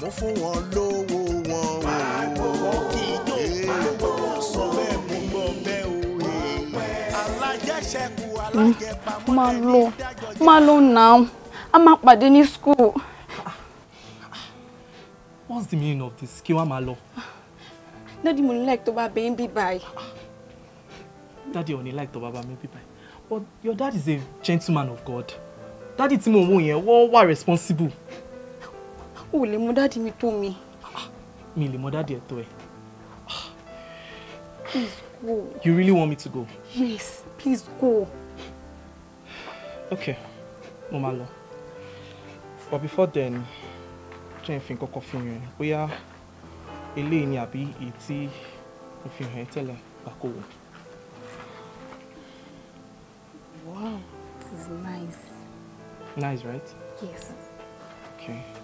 mú fún wọn lówó wọn o. pàgbówó kí sọ bẹ́ẹ̀ mú gbọ́ bẹ́ẹ̀ o. E. alájẹṣẹ́kù alájẹpamọ́ máa lọ máa lọ náà a máa pàdé ní school. what's the meaning of this kí wàá máa lọ. dádì mo ní láì tó bá bẹ́ẹ̀ ń bí báyìí. dádì ò ní láì tó bá bá mi bí báyìí but your dad is a gentleman of God dádì tí mo wò yẹn wọ́n wà responsible ò le mọ dáàdì mi tó mi. mi lè mọ dáàdì ẹ tó ẹ. please go. you really want me to go. yes please go. okay mo máa lọ but before then jẹ́ ìfín kọ́kọ́ fi hàn bóyá eléyìí ni àbí èyí tí mo fi hàn tẹ́lẹ̀ gbàkó wò. wow this is nice. nice right. yes. okay.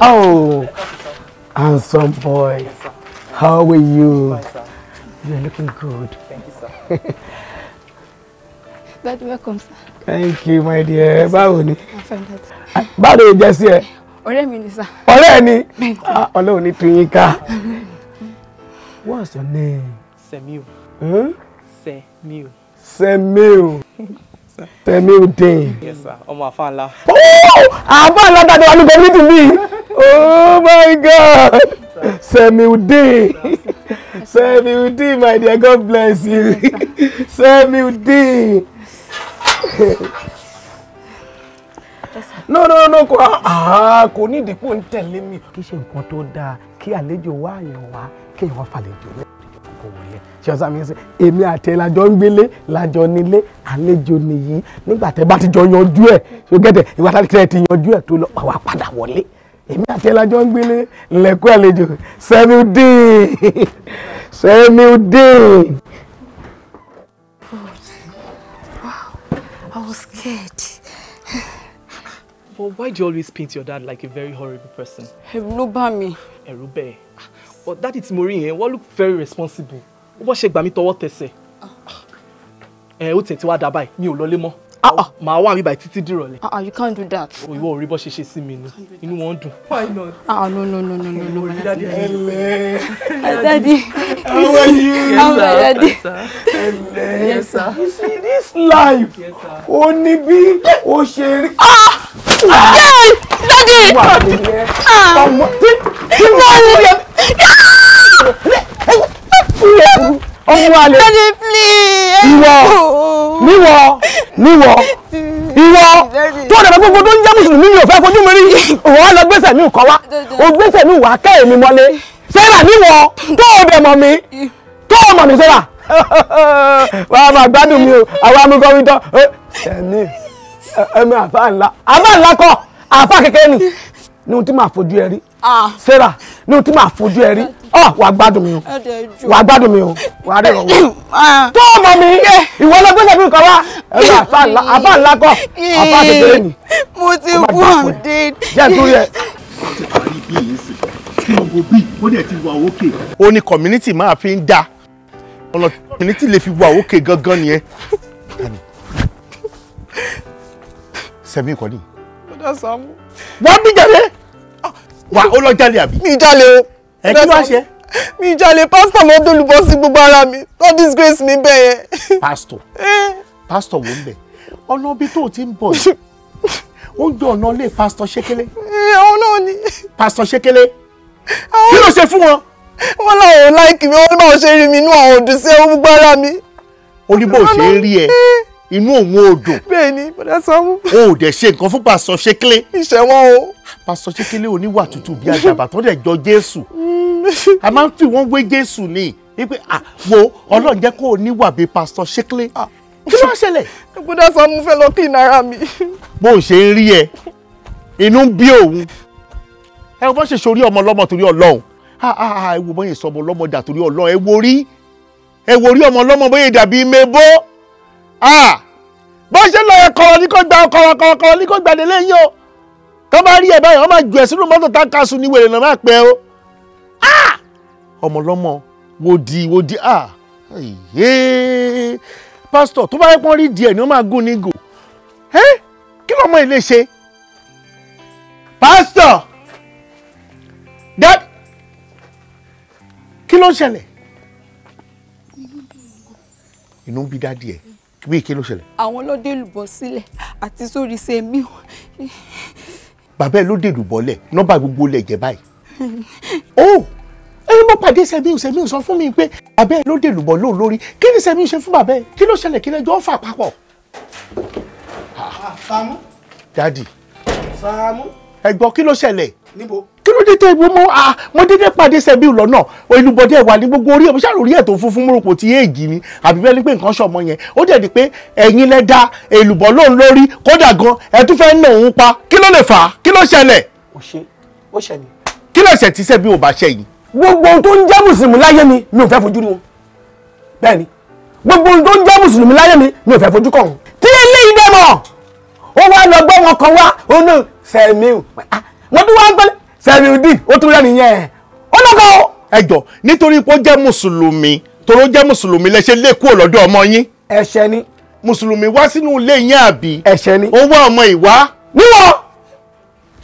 Oh, handsome boy. Yes, How are you? Fine, You're looking good. Thank you, sir. Dad, welcome, sir. Thank you, my dear. Báwo ni? Báwo ni jẹ́ sí ẹ? Ọ̀rẹ́ mi ni, sir. Ọ̀rẹ́ ni? Ah, Ọlọ́run ní tún What's your name? Semiu. Huh? Semiu. Semiu. Semiu Dane. Yes, sir. Ọmọ àfáànlá. Oh! Àfáànlá tàbí wà ní community me oh my god Semiuddin Semiuddin my dear god bless you Semiuddin. no no no kò ah, ah, kò ní ìdìpọ̀ ń tẹ̀lé mi. kì í ṣe nǹkan tó dáa kí àlejò wá àyàn wá kí èèyàn fàlejò rẹ kò wọlé ṣé ọsàn mi ń sè èmi àti ẹ lájọ ń gbélé lájọ nílé àlejò nìyí nígbà tẹ bá ti jọ yanjú ẹ ṣó gẹ́tẹ̀ ìwà tá a ti yanjú ẹ tó lọ àwa padà wọlé èmi àti ẹlájọ́ ń gbélé lẹ́kọ́ àlejò Sẹ́míúdìn Sẹ́míúdìn. Wow, I was scared. But why do you always paint your dad like a very horrible person? Ẹ̀rù ló bá mi. Ẹ̀rù bẹ́ẹ̀. But daddy tí mo rí yẹn, wọ́n look very responsible. Ó bọ́ ṣe gbà mí tọwọ́ tẹsẹ̀. Ẹ ah. eh, ó tẹ̀ tí wàá dábàá mi ò lọlé mọ́. Ah, ah, màá wà mí báyìí títí dìrọ̀lẹ́. Ah, ah you can't do that. Oh, ìwọ ò rí bó ṣe ṣe sí mi ni inú wọn dùn. why not. ah no no no no no no. daddy how are you. how are you daddy. yes sir. you see this life. yes sir. o ní bí ah daddy. wà á lè yẹ. ọmọ tí tí ọmọ wa lè. daddy please. ìwọ níwọ níwọ ìwọ tó o dàgbà gbogbo tó ń jẹ́ mùsùlùmí mi ò fẹ́ fojú mi rí òun á lọ gbèsè mi kọ́ wa òun gbèsè mi wà kẹ́ èmi mọ́lé sarah níwọ tó o dẹ̀ mọ̀ mi tó o mọ̀ mi sarah wà á máa gbádùn mi o àwọn amúgọ́ wí tán ẹ̀mí ẹ̀mí àfa ńlá àfa ńlá kọ́ àfa kékeré ni ní ohun tí màá fojú ẹ rí sarah ní ohun tí màá fojú ẹ rí ọ wàá gbádùn mi o wàá gbádùn mi o wàá rẹ̀ wọ̀ tó ọmọ mi ìwọ ọlọ́gbẹ́sẹ̀ mi kọ́ wa ẹ̀rọ àfa ńlá kọ́ àfa kékeré ni. mo ti kú ọ̀dẹ́. jẹ́ nítorí ẹ. ó ní community máa fi ń da ọ̀nà community lè fi wà òkè gangan nìyẹn. sẹ́mi ìkọ́ni. wọ́n bí jàre. Wa ó lọ jalè àbí. mi jalè o. ẹ kí wàá ṣe. mi jalè pásítọ̀ mo dolùbọ́ sí gbogbo ara mi God disgrace mi bẹ́ẹ̀ yẹn. pásítọ̀ pásítọ̀ wo ń bẹ̀ ọ̀nà ibi tó o ti ń bọ̀ yìí oúnjẹ ọ̀nà ilé pásítọ̀ ṣékélé. Eh, àwọn náà ni. pásítọ̀ ṣékélé kí ló ṣe fún wọn. wọn làwọn ò láìkì mi wọn ní báwọn ṣe rí mi inú àwọn òdùsẹ́ gbogbo ara mi. orí bó ṣe rí ẹ eh inú òun ò dùn. bẹ́ẹ̀ni bọdà Sàámú. o ò dẹ ṣe nǹkan fún pásọ ṣékélé. ìṣẹ̀wọ̀n o. pásọ ṣékélé oníwà tútù bíi àjàbà tó dẹ̀ jọ jésù. Mm. a máa ń fi wọ́n wé jésù ni wípé à wo ọlọ́run jẹ́ kó o níwà bíi pásọ ṣékélé. Ah. kí ló ń ṣẹlẹ̀. bọdà Sàámú fẹ́ lọ clean ara mi. bó o ṣe ń rí ẹ inú ń bí òun. ẹ wọ́n ṣe sori ọmọ ọlọ́mọ torí ọlọ́run ẹ wo bọ́yìn sọmọ ọlọ́mọ dà torí ọlọ́run ẹ wo rí ẹ wo rí ọmọ ọlọ́mọ bọ́yìn dàbí mebo bó ṣe lọ yẹ kọ̀rọ̀ ní kò gba kọ̀rọ̀ kọ̀rọ̀ kọ̀rọ̀ ní kò gbàdé lẹ́yìn o tó bá rí ẹ̀ báyìí wọ́n máa jù ẹ̀ sínú mọ́tò tá a kà sùn ní wèrè náà máa pẹ́ o ọmọlọ́mọ wo di wo di ah pásítọ̀ tó bá yẹ kó rí díẹ̀ ni wọ́n máa gún ní gò kí lọ́mọ yìí lè ṣe pásítọ̀ dad kí ló ń ṣẹlẹ̀ inú bí dádì ẹ̀ bí kí ló ṣẹlẹ̀. àwọn ló dé lùbọ́ sílẹ̀ àti sórí sẹ́mi o. bàbá ẹ ló dé lùbọ́ lẹ̀ nọ́mbà gbogbo lẹ̀ jẹ́ báyìí. ó oh! ẹ ló mọ pàdé sẹ́mi o sẹ́mi o sọ fún mi pé bàbá ẹ ló dé lùbọ́ lóò lórí kí ni sẹ́mi ṣe fún bàbá ẹ kí ló ṣẹlẹ̀ kí lẹ́jọ́ fà papọ̀. Sàámú. Ah, dádì. Sàámú ẹ̀gbọ́n kí ló ṣẹlẹ̀. níbo. kí ló dé tẹ ìwé mọ a ah, mo dédé pàdé sẹbíù lọ́nà olùbọdẹ wà ní gbogbo orí ọmọ ṣàròrí ẹ tó funfun múrùkù tí èèjì ni àbí bẹ́ẹ̀ ni pé nǹkan ṣọmọ yẹn ó dẹ̀ di pé ẹ̀yin lẹ da èlùbọ́ lóun lórí kódà gan ẹ tún fẹ́ nà òun pa kí ló lè fà á kí ló ṣẹlẹ̀. ó ṣe ó ṣẹlẹ̀. kí ló ṣẹ̀ tí sẹ́bíù ò bá ṣẹ yìí. gbogbo ohun tó ń jẹ́ mùsùlùmí láyé mi mi ò fẹ́ fojú rí bẹ́ẹ̀ ni gbogbo ohun tó ń jẹ́ mùsùlùmí láyé mi mi ò fẹ́ fojú kàn wọn. tí eléyìí dẹ́ mọ̀ ó wá lọ gbọ́ wọn kan wá òun náà sẹ́miu ah, mo tún wá ń gbọ́lẹ̀ sẹ́miu dì ó tún rẹ̀ nìyẹn ó lọ́kọ̀. ẹ jọ nítorí pé ó jẹ́ mùsùlùmí toró jẹ́ mùsùlùmí lẹ ṣe lé kúrò lọ́dọ̀ ọmọ yín. ẹ̀ṣẹ̀ ni. mùsùlùmí wá sínú ilé yín àbí. ẹ̀ṣẹ̀ ni. ó wá ọmọ ìwá. níwọ̀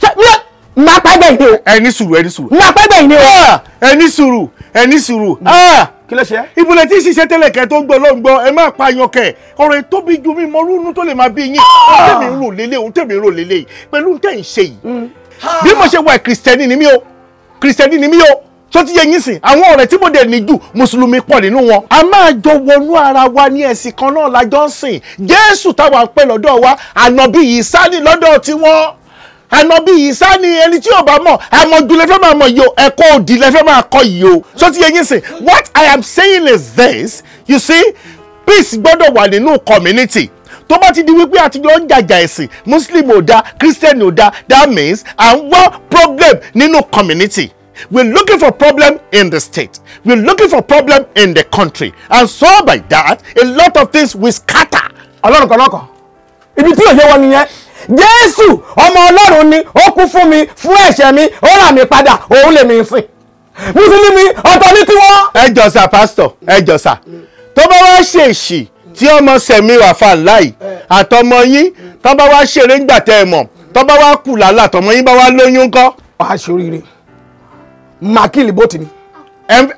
ṣe mi ò Ma pẹ́ gbẹ̀yìn ni o. ẹni sùúrù ẹni sùúrù. máa pẹ́ gbẹ̀yìn ni o. Ah, ẹni sùúrù ẹni sùúrù. Ah. kí ló ṣe. ibùdó tí ṣiṣẹ́ tẹ́lẹ̀ kẹ́ tó ń gbọ́ ló ń gbọ́ ẹ máa pa yan kẹ́ ọ̀rọ̀ ìtóbi ju mímọ rúnú tó lè máa bí yín. ohun tẹ̀mí ń rò lélẹ̀ ohun tẹ̀mí ń rò lélẹ̀ pẹ̀lú tẹ̀ ń ṣe yìí. Mm. bí mo ṣe wà kìrìsìtẹ́nì ni mí o kìrìsìtẹ́nì ni mí o tó ti yẹ yín sìn àwọn ọ̀rẹ́ tí mo dẹ̀ ní jù mùsùlùmí pọ̀ nínú wọn. a máa jọ wọnú ara wa ní ẹ̀sìn kan náà la jọ ń sìn jésù táwa ń pè lọ́dọ̀ wa ànàbí yìí sá ní lọ́dọ̀ tiwọn àná bí ìsá ni ẹni tí ò bá mọ̀ àmọ̀jù lè fẹ́ máa mọ̀ yìí o ẹ̀kọ́ òdì lè máa kọ́ yìí o so ti yẹ yín what i am saying is this you see peace gbọ́dọ̀ wà nínú community tó bá ti di wípé àti lọ ń jàjà ẹ̀sìn muslim ò da christian ò da that means à ń wá problem nínú community we're looking for problem in the state we're looking for problem in the country and so by that a lot of things will scatter. ọlọ́run kan lọ́kàn ibi tí òye wọn nìyẹn jésù ọmọ ọlọ́run ni ó kú fún mi fún ẹ̀ṣẹ̀ mi ó rà mí padà òun lè mi sìn mùsùlùmí ọ̀tọ̀ ní tiwọn. ẹ jọ̀sà pásítọ̀ ẹ jọ̀sà tó bá wá ṣèṣì tí ọmọ sẹ̀mí wàfà láì àtọmọ yín tó bá wá ṣeré ńgbà tẹ́ ẹ mọ̀ tó bá wá kù lálà tọmọ yín bá wá lóyún ńkọ́. wàá ṣoríire màkìlì bóòtù ni.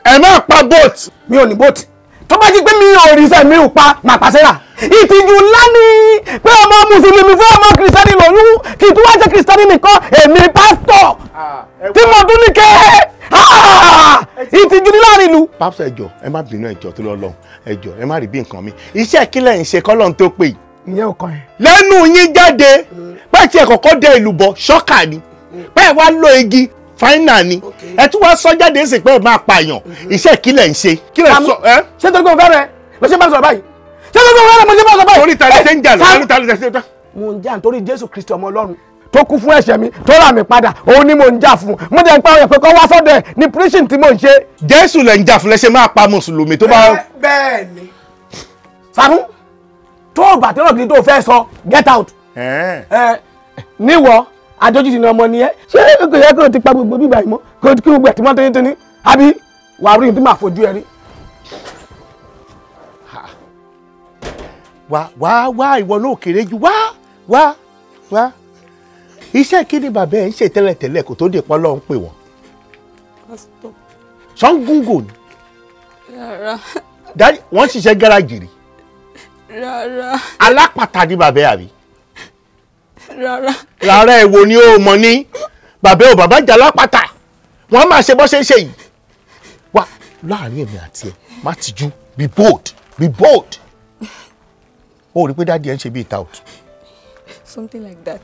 ẹ má pa bóòtù. mi ò ní bóòtù tó bá ti pé mi ò rí sẹ́mi ò pa màpàṣẹ́ra ìtìjú ńlá ni pé ọmọ mùsùlùmí fún ọmọ kìrìsìtẹ́nì lòyún kì í tún wá jẹ́ kìrìsìtẹ́nì nìkan èmi pásítọ̀ ah, tí mo tún ní kẹ́ ah, ìtìjú ní láàrin ìlú. pápá ẹjọ́ ẹ má bínú ẹjọ́ tó lọ lọ ẹjọ́ ẹ má rí bí nǹkan mi iṣẹ́ ìkílẹ̀ ń ṣe kọ́lọ́n tó pè. ìyẹn ò kàn yín. lẹ́nu yín jáde mm. pé tí ẹ kọ́kọ́ dé ìlú bọ̀ ṣọ́kà ni mm. pé ẹ wá lo igi fáínà ni ẹ tún wá sọ jáde sí pé ẹ máa pààyàn mm-hmm. iṣẹ́ ìkílẹ̀ ń ṣe. kílẹ̀ sọ ẹ. ṣé torí pé o fẹ́ rẹ lọ bá sọ̀rọ̀ báyìí tẹ́lẹ̀ wọ́n rẹ̀ mo ṣe bá sọ báyìí. torí ta ló ṣe ń jà lọ ta ló ṣe ń jà. mo ń jà nítorí jésù kristi ọmọ ọlọ́run tó kú fún ẹ̀ṣẹ̀ mi tó rà mí padà òun ni mo ń jà fún mo dẹ̀ ń pa òyìnbó kọ́ wá sọ́dọ̀ ẹ̀ ní prison tí mo ń ṣe. jésù lẹ̀ ń jà fún lẹ́sẹ̀ máa pa mùsùlùmí tó bá. bẹ́ẹ̀ ni. sanu tó o bàtẹ́ náà kìí tó o fẹ́ sọ get out. níwọ̀ adójútì ni ọmọ ni ẹ ṣé kò yẹ kó o ti pa gbogbo bíbá yìí mọ́ kó o ti kí gbogbo ẹ̀ tí wọ́n tẹ́yẹ́ tẹ́ni àbí wàá rí ní tí màá fojú ẹ rí. wá wá wá ìwọ náà kéré jù wá wá wá iṣẹ́ kí ni bàbá ẹ̀ ń ṣe tẹ́lẹ̀tẹ́lẹ̀ kó tó di pọ́lọ́ ń pè wọ́n. pásítọ̀. ṣọ́ngúngò ni. rárá. dájú wọ́n ṣiṣẹ́ gáràjì rí. rárá. alápàtà ni bàbá ẹ̀ àbí. rárá. rárá ẹ̀ wo ni ó mọ̀ ní bàbá ò bàbá jà lápàtà wọ́n máa ṣe bó ṣe ń ṣe yìí. wá láàárín èmi àti ẹ má tijú be bold be bold o rí pé dáàdi ẹ ń ṣe bíi ta out. something like that.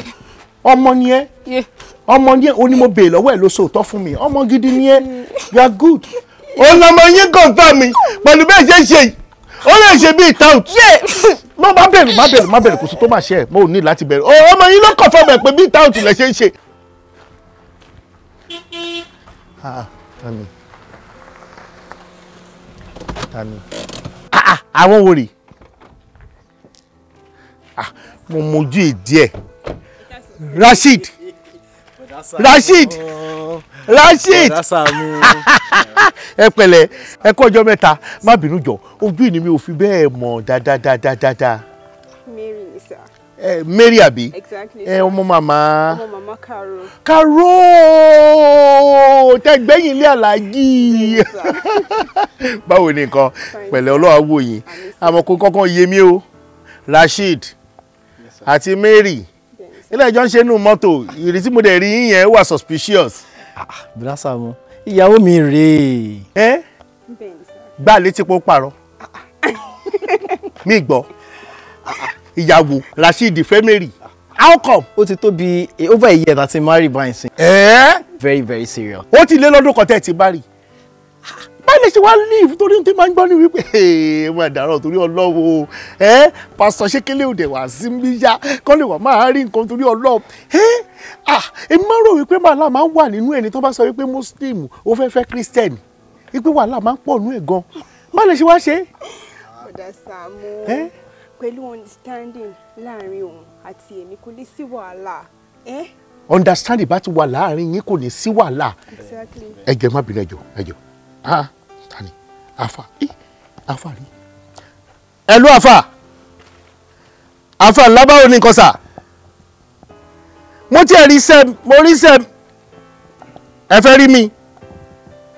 ọmọ ni ẹ ọmọ ni ẹ o ní mo béèrè lọ́wọ́ ẹ ló sòótọ́ fún mi ọmọ gidi ni ẹ you are good. òun lọmọ yín kàn fà mí pẹ̀lú bẹ́ẹ̀ ṣe ṣe yìí ó lè ṣe bíi ta out. no má bẹ̀rù má bẹ̀rù má bẹ̀rù kò sí tó máa ṣe ẹ̀ mo ò ní láti bẹ̀rù ọmọ yín ló kàn fà mí pé bíi ta out lẹ ṣe ń ṣe. tani tani ah, ah, àwọn wo rèé mo mojú ìdí ẹ̀ Rasheed Rasheed Rasheed ẹ pẹ̀lẹ́ ẹ kú ọjọ́ mẹ́ta má bínú jọ ojú ìní mi ò fi bẹ́ẹ̀ mọ̀ dáadáa. Mary sir. Eh, Mary abi. Exactly. ẹ ọmọ mama Carol. màmá Karo. Karo tẹgbẹ́yìn ilé aláàjì. báwo ni nǹkan pẹ̀lẹ́ ọlọ́wà wò yín àmọ́ kó kọ́kọ́ yé mi o Rasheed àti Mary ilé ẹjọ́ ń ṣe inú mọ́tò ìrètí mo dẹ̀ rí yín yẹn wà suspicious. Ah, ah, brasa mo ìyàwó mi rèé. ẹ gbá létí pé ó pààrọ̀ mi gbọ́ ìyàwó Rasheed fẹ́ Mary how come. ó ti tó bí over a year that ti marry báyìí sin. ẹ very very serious. ó ti lé lọ́dún kan tẹ́ ẹ ti bá rí i báyìí ṣe wá leave torí ohun tí máa ń gbọ́ ni wípé ẹ máa dàrọ̀ torí ọlọ́wọ́ ẹ pásítọ̀ ṣé kélé òde wá sí mi yá kọ́ lè wà máa rí nǹkan torí ọlọ́wọ́ ẹ ah èmi máa ń rò wípé màálà máa ń wà nínú ẹni tó bá sọ wípé muslim ó fẹ́ fẹ́ christian wípé wàhálà máa ń pọ̀ nú ẹ̀ gan báyìí ṣe wá ṣe. ọ̀dà Sàámú pẹ̀lú understanding láàrin òun àti èmi kò lè sí wàhálà understanding bá ti wà láàrin yín kò ní sí wàhálà ẹ jẹ́ má bínú ẹjọ́ ẹjọ́ ah Afa, eh? Afa, rí ẹlú àfà Afa, ńlá báwo ni nǹkan sà mo tiẹ̀ rí sẹ́ mo rí sẹ́ ẹ fẹ́ rí mi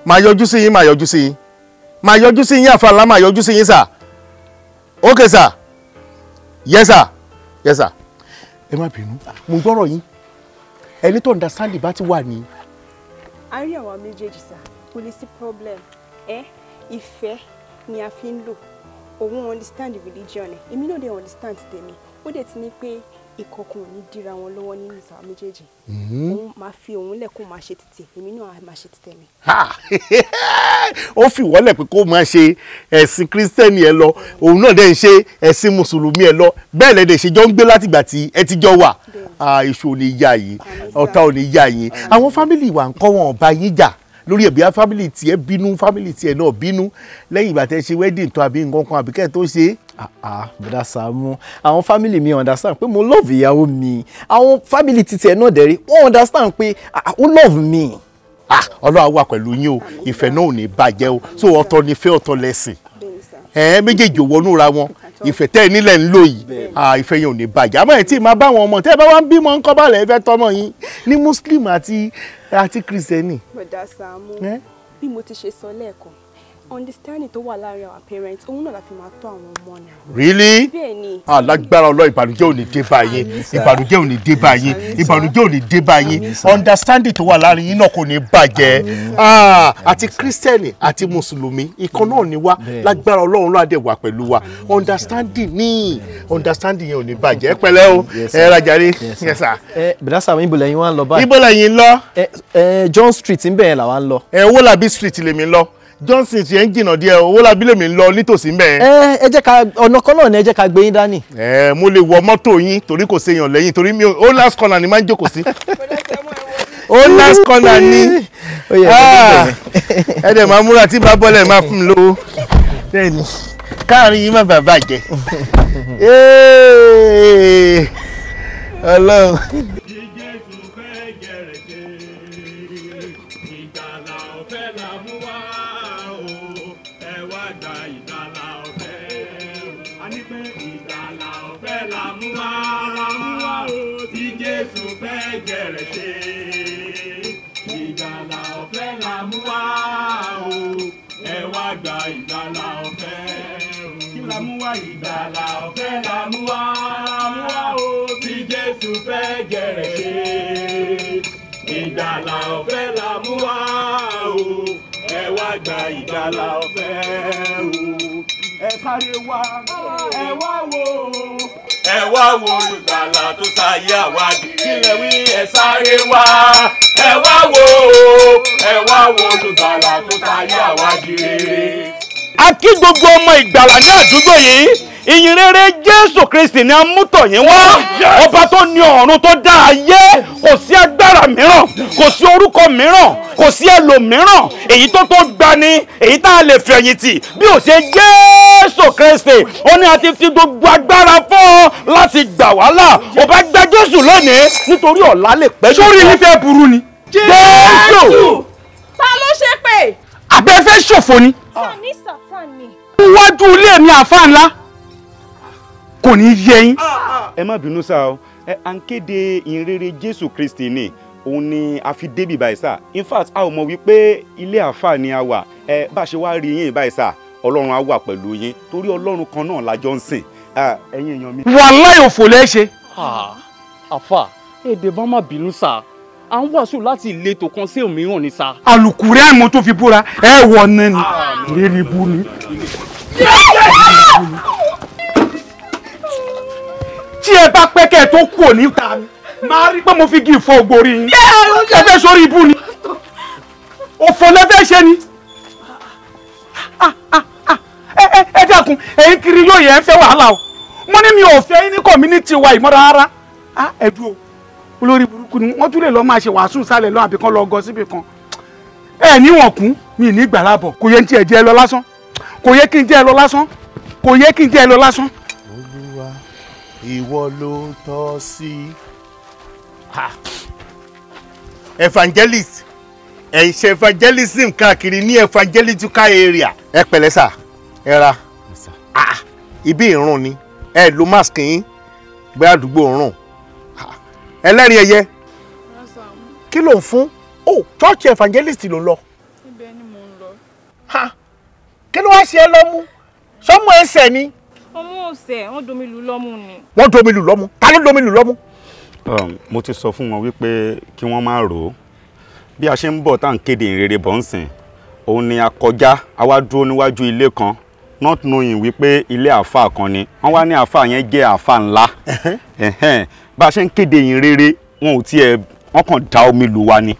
màá yọjú sí yín màá yọjú sí yín màá yọjú sí yín àfà ńlá màá yọjú sí yín sà ókè sà yẹ sà yẹ sà ẹ má bínú mo gbọ́rọ̀ yín ẹni tó understand bá ti wà ní. a rí àwa méjèèjì sá kò ní sí problem Eh? ìfẹ́ ni a fi ń lò òun understand religion ẹ̀ èmi náà dey understand tèmi ó dẹ̀ ti ní pé ìkọkùn ò ní dira wọn lọ́wọ́ nínú ìsàwọn méjèèjì mm-hmm. òun máa fi òun lẹ̀ kó máa ṣe títì èmi náà máa ṣe títẹ̀ mi. ó fi ìwọ́lẹ̀ pé kó máa ṣe ẹ̀sìn kírísítẹ́nì ẹ lọ òun náà dẹ̀ ń ṣe ẹ̀sìn mùsùlùmí ẹ lọ bẹ́ẹ̀ lẹ́dẹ̀ ṣe jọ ń gbé látìgbà tí ẹ ti jọ wà ah, èṣù ò ní yá yín ọ̀tá ò ní yá yín àwọn fámìlì wa ń kọ́ wọn ọba yín jà lórí ẹ̀bí fámìlì tiẹ̀ bínú fámìlì tiẹ̀ náà bínú lẹ́yìn ìgbà tẹ́ ṣe wedding tán àbí nǹkan kan àbí kẹ́ tó ṣe. Ah, ah, bùdá Sàámú àwọn family. mi understand pé mo love ìyàwó mi àwọn family. titiẹ̀ náà dẹ̀ rí wọ́n understand pé ah, ó love me. Ọlọ́run wà pẹ̀lú yín o ìfẹ́ náà ò ní bàjẹ́ o so ọ̀tọ̀ ni fẹ́ ọ̀tọ̀ lẹ́sìn ẹ̀ẹ́n méjèèjì ò wọnú ra wọn ìfẹ́ tẹ́ ẹ nílẹ̀ ń lò yìí ah, ìfẹ́ yẹn ò ní bàjẹ́ àmọ́ ẹ̀ tí ì máa bá àwọn ọmọ tẹ́ ẹ bá wá ń bímọ ńkọ́ balẹ̀ ẹ fẹ́ yín ní muslim àti àti kristẹni. bí mo ti ṣe sọ lẹ́ẹ̀kan understanding tó wà láàrin àwọn parents òun náà la fi máa tọ́ àwọn ọmọ náà. really bẹ́ẹ̀ni. alágbára ah, ọlọ ìbànújẹ́ ò ní dé bá yín ìbànújẹ́ ò ní dé bá yín ìbànújẹ́ ò ní dé bá yín understanding tó wà láàrin yín náà kò ní bàjẹ́ ah, àti kírísítẹ́nì àti mùsùlùmí ìkan náà ni wá lágbára ọlọ́run náà dẹ̀ wà pẹ̀lú wa understanding ní understanding yẹn ò ní bàjẹ́ pẹ̀lẹ́ o ẹ rajà rí yes sir. ẹ bìdásà mi ìbòlẹ̀yìn wa ń lọ báyìí. ìbòlẹ̀yìn lọ. ẹ eh, eh, John Street ń bẹ̀rẹ̀ làwa ń lọ. ẹ eh, Owólabí Street lèmi lọ johnson ti ẹ̀ ń jìnnà díẹ̀ owó lábílẹ̀ mi ń lọ nítòsí ń bẹ̀. ẹ ẹ jẹ́ ká ọ̀nà kan náà ni ẹ jẹ́ ká gbé yín dání. ẹ mo lè wọ mọ́tò yín torí kò ṣe èèyàn lẹ́yìn torí mi ò last corner ni máa ń jókòó sí. ó last corner ni ah, ẹ dẹ̀ máa múra tí bá bọ́lẹ̀ máa fún mi lówó bẹ́ẹ̀ni káàrin yín má bàa bàjẹ́ ọlọ́run. Jésù fẹ́ jẹ̀rẹ̀ ṣe ìgbàlà ọ̀fẹ́ la mú wá o ẹ wá gba ìgbàlà ọ̀fẹ́ kí la mú wá ìgbàlà ọ̀fẹ́ la mú wá o tí Jésù fẹ́ jẹ̀rẹ̀ ṣe ìgbàlà ọ̀fẹ́ la mú wá o ẹ wá gba ìgbàlà ọ̀fẹ́ o ẹ sáré wá ẹ wá wò ẹ wá wo olùgbàlà tó ṣayé àwádìí kílẹ̀ wí ẹ sáré wá ẹ wá wo ẹ wá wo olùgbàlà tó ṣayé àwádìí rere. a kí gbogbo ọmọ ìgbàlà ní àdúgbò yìí ìyìn jésù kristi ni a mú tọ̀ yín wá ọba tó ní ọ̀run tó dá ayé kò sí agbára mìíràn kò sí orúkọ mìíràn kò sí ẹlòmíràn èyí tó tó gbani èyí tá a lè fẹ̀yìntì bí ó ṣe jésù kristi ó ní a ti fi gbogbo agbára fún ọ láti gbà wá là ó bá gba jésù lónìí nítorí ọ̀la lè pẹ́ jù. sórí nífẹ̀ẹ́ burú ni. jésù ta ló ṣe pé. àbẹ́fẹ́ ṣòfò ni. sọ ní sàfà ni. wájú ilé mi àfa ńlá kò ní yé yín. Ah, ah. ẹ má bínú sá o à ń kéde ìrere jésù kristi ni òun ni a fi débì báyìí sá in fact a ò mọ̀ wípé ilé àáfàá ni a wà ẹ bá a ṣe wá rí yín báyìí sá ọlọ́run á wà pẹ̀lú yín torí ọlọ́run kan náà la jọ ń sìn ẹ̀yin èèyàn mi. wàláhì òfò lẹ́ ṣe. àfà èdè bá má bínú sá à ń wàásù láti ìletò kan sí òmíràn ni sá. àlùkùrẹ́ àìmọ́ tó fi búra ẹ wọ̀ náà ni tí ẹ bá pẹ́ kẹ́ ẹ tó kú òní ta mi máa rí pé mo fi gí ìfọ ògbórí yín ẹ fẹ́ sórí ibú ni òfò lẹ́fẹ́ ṣe ni ah, ah, ah. ẹ dákun ẹ̀yin kiri yóò yẹ ẹ fẹ́ wàhálà o mo ní mi ò fẹ́ ní community wa ìmọ̀ rárá ẹ dúró olórí burúkú ni wọ́n tún lè lọ́ọ́ máa ṣe wàásù sálẹ̀ lọ́wọ́ àbíkan lọ́ọ́ gọ síbì kan ẹ níwọ̀n kún mi ní ìgbàlábọ̀ kò yẹ kí n jẹ́ ẹ lọ lásán kò yẹ kí n jẹ́ ẹ lọ lásán kò yẹ kí n jẹ́ ẹ lọ lásán ìwọ ló ń tọ́ sí. evangelist ẹ̀ ń ṣe evangelism káàkiri ní evangelical area. ẹ pẹ̀lẹ́ sà ẹ ra ah, ibi ìrùn ni ẹ lo mask yín gbé àdúgbò rùn ẹlẹ́rìí ẹyẹ kí ló ń fún o oh, church evangelist ló lọ. ibẹ̀ ni mò ń lọ. kí ló wá ṣe é lọ́mú sọ́mọ ẹsẹ̀ ni ọmọ ọ̀sẹ̀ wọ́n domi lù lọ́mú ni. wọ́n domi lù lọ́mú ta ló domi lù lọ́mú. Um, mo ti sọ fún wọn wípé kí wọ́n má rò ó bí a ṣe ń bọ̀ tá à ń kéde ìrere bọ̀ ń sìn òun ni a kọjá a wá dúró níwájú ilé kan not knowing wípé ilé àáfàá kan ni wọ́n wá ní àáfàá yẹn jẹ́ àáfàá ńlá bá a ṣe ń kéde ìrere wọn ò tiẹ̀ wọ́n kàn da omi lù wa ni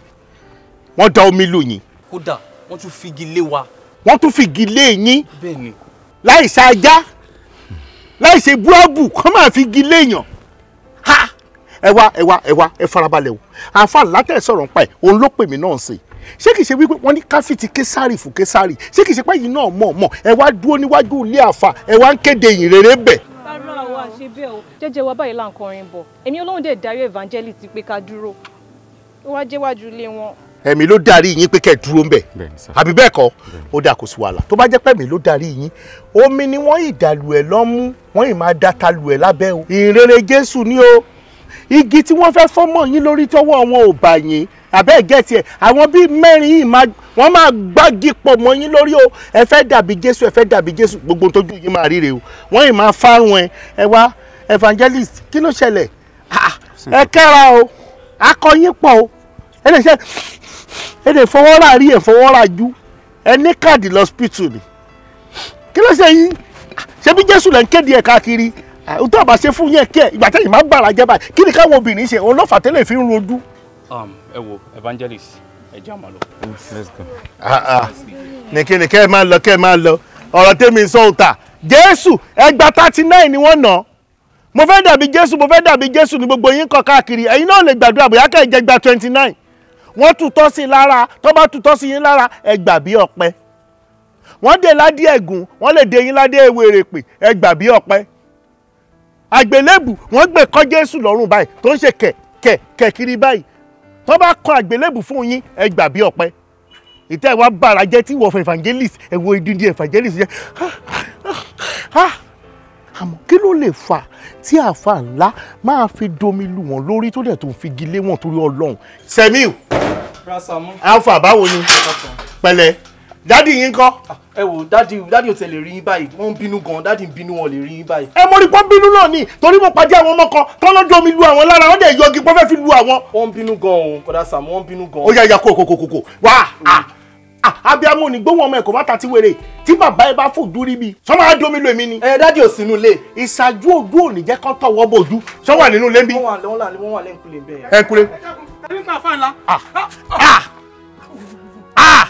wọ́n da omi lù yín. kódà wọ́n tún figi lé wa. wọ́n tún figi lé yín. bẹ́ẹ̀ni. láì ṣáájá láì ṣe búábù kọ́ máa fi gi léèyàn ha ẹ wá ẹ wá ẹ wá ẹ farabalẹ̀ o àǹfà látẹ̀ sọ̀rọ̀ nípa ẹ̀ òun ló pè mí náà ṣe ṣé kìí ṣe wípé wọ́n ní káfíìtì késàrì fún késàrì ṣé kìí ṣe pé yìí náà mọ̀ mọ̀ ẹ wá dúró níwájú ilé àfà ẹ wá ń kéde ìhìnrere bẹ̀. rárá wa ṣe bẹ́ẹ̀ o jẹ́jẹ́ wa báyìí là ń kọrin bọ̀ èmi Ọlọ́run dẹ̀ darí evangelist pé ká ẹ̀mí ló darí yín pé kẹ́ ẹ̀ dúró ńbẹ̀ àbí bẹ́ẹ̀ kọ́ ó dà kó sí wàhálà tó bá jẹ́ pẹ̀mí ló darí yín omi ni wọ́n ìdàlù ẹ̀ lọ́mú wọ́n ì máa dáta lù ẹ̀ lábẹ́ o ìrere Jésù ni o igi tí wọ́n fẹ́ fọ́mọ̀ yín lórí tọ́wọ́ wọn ò bà yín àbẹ́ ìgẹ́tì ẹ̀ àwọn bíi mẹ́rin yìí wọ́n máa gbági pọ̀ mọ́ yín lórí o ẹ fẹ́ dàbí Jésù ẹ fẹ́ dàbí Jésù gbogbo tójú yín máa ríre o wọ́n ì máa fárun ẹ ẹ wá evangelist kí ló ṣẹlẹ̀ ẹ kẹ́ra o akọyín pọ̀ o ẹ lè ṣe ẹnì fọwọ́rà rí ẹ̀ fọwọ́rà ju ẹni káàdì lọ́spítù ni kí ló ṣe yín ṣebí jésù lẹ́ ń kéde ẹ̀ káàkiri tó àbá ṣe fún yẹn kẹ́ ìgbà tẹ́yìn máa ń bàrà jẹ́ báyìí kí ni káwọn obìnrin ṣe òun lọ́fà tẹ́lẹ̀ fi ń rojú. Um, ẹ wo evangelist ẹ jẹ́ àmọ́ lọ. nìkí ah, ah. nìkẹ́ ẹ máa lọ kẹ́ ẹ máa lọ ọ̀rọ̀ tẹ́mi sọ́ọ̀tà jésù ẹgbàá thirty nine ni wọ́n ná mo fẹ́ dàbí jésù mo fẹ́ dàbí jésù ní gbogbo yín kọ káàkiri ẹ̀yin náà lè gbàdúrà bóyá kẹ́ ẹ jẹ́ gba twenty nine wọ́n tutọ́ sí i lára tó bá tutọ́ sí yín lára ẹ gbà bí ọ̀pẹ wọ́n dé ládé ẹ̀gùn wọ́n lè dé yín ládé ewèrèpè ẹ gbà bí ọ̀pẹ àgbélébù wọ́n gbé kọ́ Jésù lọ́rùn báyìí tó ń ṣe kẹ̀ kẹ̀ kẹ̀ kiri báyìí tó bá kọ àgbélébù fún yín ẹ gbà bí ọ̀pẹ ìtẹ́ wa bàrà jẹ́ tí wọ́n fẹ́ evangelist ẹ wo ìdúndí evangelist jẹ́ ah ah ah àmọ́ kí ló lè fà tí àáfà ńlá máa fi domi lù wọ́n lórí tó dẹ̀ tó ń figi lé wọ́n torí ọlọ́run. Sẹ́míù àáfà báwo ni pẹ̀lẹ́ dádì yín kọ́. Ah, ẹ wo dádì dádì ò tẹ̀lé rí yín báyìí wọ́n ń bínú gan dádì ń bínú wọn lè rí yín báyìí. ẹ mo rí pọ́n bínú náà ni torí mo pàdé àwọn ọmọ kan tọ́nà domi lu àwọn lára wọ́n dẹ̀ yọgi pọ́fẹ́ fi lu àwọn. wọ́n ń bínú gan o kódà Sàámú wọ́n ń bínú gan. ó yà yà kó kó kó kó wá ah, Ah, abiamu ni gbóhùn ọmọ ẹ̀kọ́ bàtà tí wèrè tí bàbá ẹ bá fojú rí bi sọ máa domi lo èmi ni. ẹ eh, dájú òsínú lè. ìṣáájú òdu òní jẹ́ kán tọwọ́ bòjú sọ wà nínú lẹ́bí. wọ́n wà lọ́wọ́ làwọn wà lẹ́ǹkulè bẹ́ẹ̀. ẹ kule. ẹbí máa fa ńlá. Ah, ah,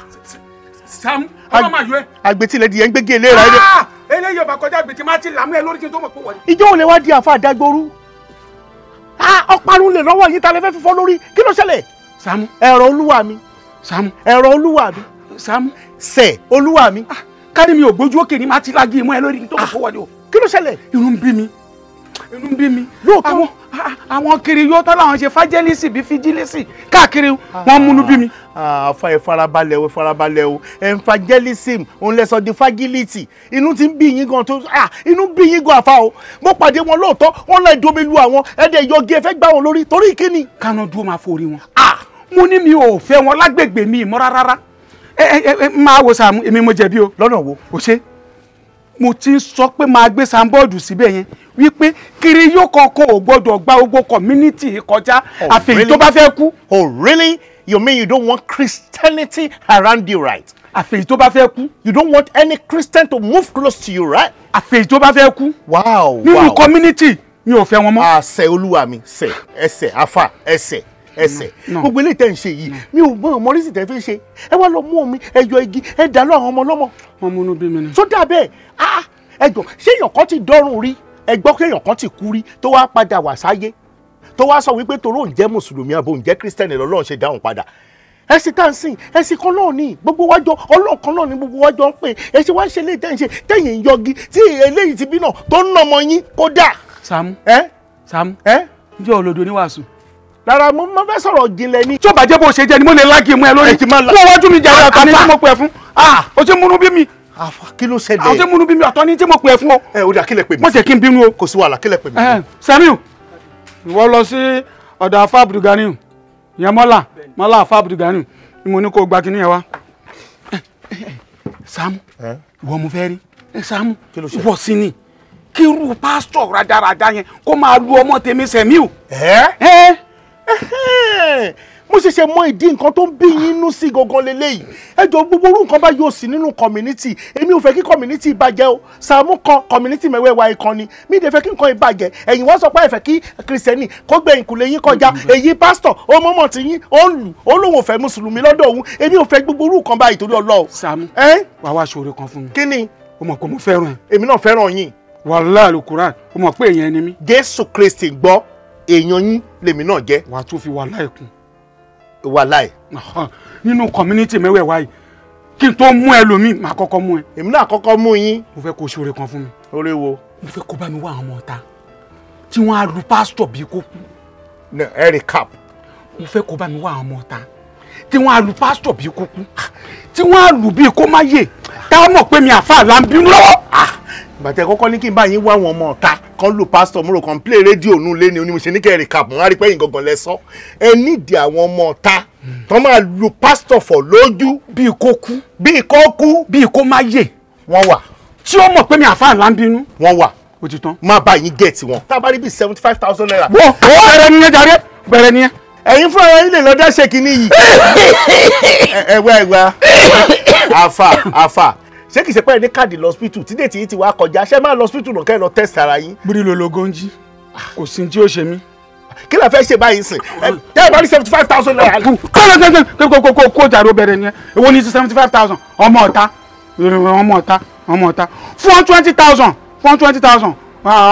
sam ọmọ máa yọ ẹ. àgbètìlẹ̀ di ẹ̀ ń gbégi eléyìí rẹ̀. eléyìí ọba kọjá àgbètì máa ti làmúlẹ̀ lórí kí n tó mọ̀ pé wọ́n. ìjọ òun lè wá di àfa àdágbóru. ọparun lè lọ́wọ́ yìí ta lè fẹ́ fífọ́ lórí kí ló ṣẹlẹ̀. sam ẹ̀rọ olúwa mi. sam ẹ̀rọ olúwa mi. Sam, sẹ olúwa mi. Ah, kárí mi ò gbójú òkè ni màá ti lagi ìmọ̀ ẹ lórí tó kò ah, fọwọ́ ni o. kí ló ṣẹlẹ̀. inú ń bí mi inú ń bí mi. lóòótọ́ àwọn ah, àwọn kiri yóò tọ́ làwọn ṣe fájẹ́lísì bíi fíjílísì káàkiri wọn múnú bí mi. àfa ẹ farabalẹ̀ o farabalẹ̀ o ẹ ń fájẹ́lísìm òun lẹ sọ di fágílítì inú ti ń bí yín gan tó inú bí yín gan àfa o mo pàdé wọn lóòótọ́ wọn lọ domi lu àwọn ẹ̀dẹ̀ yọgi ẹ fẹ́ gbá wọn lórí torí kíni. kánú dúró máa forí wọn. mo ní mi ò fẹ́ wọn lágbègbè mi mọ́ rárá máa wo Sàámú èmi mo jẹ̀bi o. lọ́nà wo. kò ṣe mo ti sọ pé máa gbé sanbọ́ọ̀dù síbẹ̀ yẹn wípé kiri yóò kankan ò gbọ́dọ̀ gba gbogbo community kọjá oh, àfẹ̀yìn tó bá fẹ́ kú. oh really you mean you don't want Christianity around you right. àfẹ̀yìn tó bá fẹ́ kú. you don't want any Christian to move close to you right. àfẹ̀yìn tó bá fẹ́ kú. wow wow nínú community mi ò fẹ́ wọn mọ́. àṣẹ olúwa mi ṣe ẹsẹ̀ afa ẹsẹ̀ ẹsẹ̀ gbogbo eléyìí tẹ́ ń ṣe yìí mi ò mọ ọmọrísì tẹ́ fi ṣe ẹ wá lọ mú omi ẹ yọ igi ẹ dà lọ àwọn ọmọ ọlọ́mọ. wọn inú bí mi ni. tó dà bẹ́ẹ̀ ah, ah. ẹ jọ ṣé èèyàn kan ti dọ́rùn rí ẹ gbọ́ pé èèyàn kan ti kú rí tó wá padà wá sáyé tó wá sọ wípé toró ń jẹ́ mùsùlùmí àbò ń jẹ́ kírísítẹ́nì lọ́lọ́run ṣe dáhùn padà ẹsìn tá à sìn ẹsìn kan náà ni gbogbo wájọ ọlọ́run náà ni gbogbo rárá mo máa fẹ́ sọ̀rọ̀ jinlẹ̀ ni. tí o bá jẹ́ bó o ṣe jẹ́ ni mo lè lági mú ẹ lórí. ètí máa la kó wájú mi jẹ́ ọ̀tọ̀ ni tí mo pè fún. Ah, o ṣe múnú bí mi. àfa kí ló ṣẹlẹ̀. àwọn tí múnú bí mi ọ̀tọ̀ ni tí mo pè fún o. ẹ o dà kílẹ̀ pè mí. mo jẹ́ kí n bínú o. kò sí wàhálà kílẹ̀ pè mí. Samiu ìwọ lọ sí ọ̀dọ̀ afa abdulganiu ìyẹn mọ́là mọ́là afa abdulganiu ni mo ní kó gba kinní yẹn wá. Sam, ìwọ mo fẹ́ rí Saamu ìwọ sí ni kí irú pásítọ̀ rádaràda yẹn kó máa lu ọmọ tèmi Sẹ́míù. ẹ ẹ mo ṣẹ̀ṣẹ̀ mọ ìdí nǹkan tó ń bí yín nú sí gangan leléyìí ẹ jọ gbogbo orú nǹkan bá yóò sí nínú community èmi ò fẹ́ kí community ìbàjẹ́ o Sàámú kan community mẹ́wẹ́wà ìkan ni mi ìdè fẹ́ kí nǹkan ìbàjẹ́ ẹ̀yìn wọ́n sọ pé ẹ̀fẹ́ kí kìrìsìtẹ́nì kó gbẹ̀yìn kùlé yín kọjá èyí pásítọ̀ ó mọ̀mọ́ ti yín ó ń lù ó lóun ò fẹ́ mùsùlùmí lọ́dọ̀ òun èmi ò fẹ́ gbogbo orú nǹkan bá ìtorí Ọlọ́run. Sàámú wàá wá ṣòro kan fún mi. kí ni. o mọ̀ pé mo fẹ́ràn ẹ. èmi náà fẹ́ràn yín. wàhálà alukuran o mọ̀ pé èèyàn ni mí. Jésù Kristi gbọ́ èèyàn yín lèmi náà jẹ́. wà á tún fi wà láì kún. wà láì. nínú community mẹ́wẹ̀ẹ̀wá yìí kí n tó mú ẹ lómi màá kọ́kọ́ mú ẹ. èmi náà kọ́kọ́ mú yín. mo fẹ́ kó o ṣe oore kan fún mi. oore wo. mo fẹ́ kó bá mi wá àwọn ọmọ ọ̀tá tí wọ́n á lu pásítọ̀ bíi kó kú. no eric cap. mo fẹ́ kó bá mi wá àwọn ọmọ ọ̀tá tí wọ́n á lu pásítọ̀ bíi kó kú tí wọ́n á lù bíi kó má yè tá a mọ̀ pé mi àfa àlà ń bínú lọ́wọ́. Ah, bàtẹ́ kọ́kọ́ ní kí n bá yín wá àwọn ọmọ ọ̀tá kan lù pastor, mo rò kàn play rédíò nù lé ni onímọ̀ṣẹ́ ní kẹrin kàbọ̀n wá rí pé ìgangan lẹ sọ ẹ nídìí àwọn ọmọ ọ̀tá tó máa lù pásítọ̀ fọ̀ lójú. bíi kó kú. bíi kó kú. bíi kó má yè. wọ́n wà. tí ó mọ̀ pé mi àfáà là ń bínú. wọ́n wà. o ti tán. má bá yín gẹ̀ẹ́tì wọn. tá a bá rí seventy five thousand naira. wọ́n bẹ̀rẹ̀ ni yẹn jàre bẹ̀rẹ̀ ni yẹn ẹ̀yin fún ara yín lè lọ dáṣe kínní yìí. ẹ̀wẹ̀ ẹ̀wẹ̀ afa afa ṣé kìí ṣe pé ẹ ní káàdì lọ́spítù tí déètì yìí ti wá kọjá ṣé máa lọ́spítù náà kẹ́ ẹ lọ test ara yín. bírí ló lógo ń jí kò sí tí ó ṣe mí. kí la fẹ́ ṣe báyìí sìn tẹ́ ẹ bá ní seventy five thousand naira. kọ́ńtà kó jàre ó bẹ̀rẹ̀ yẹn èwo ni seventy five thousand ọmọ ọ̀tá ọmọ ọ̀tá ọmọ ọ̀tá four twenty thousand four twenty thousand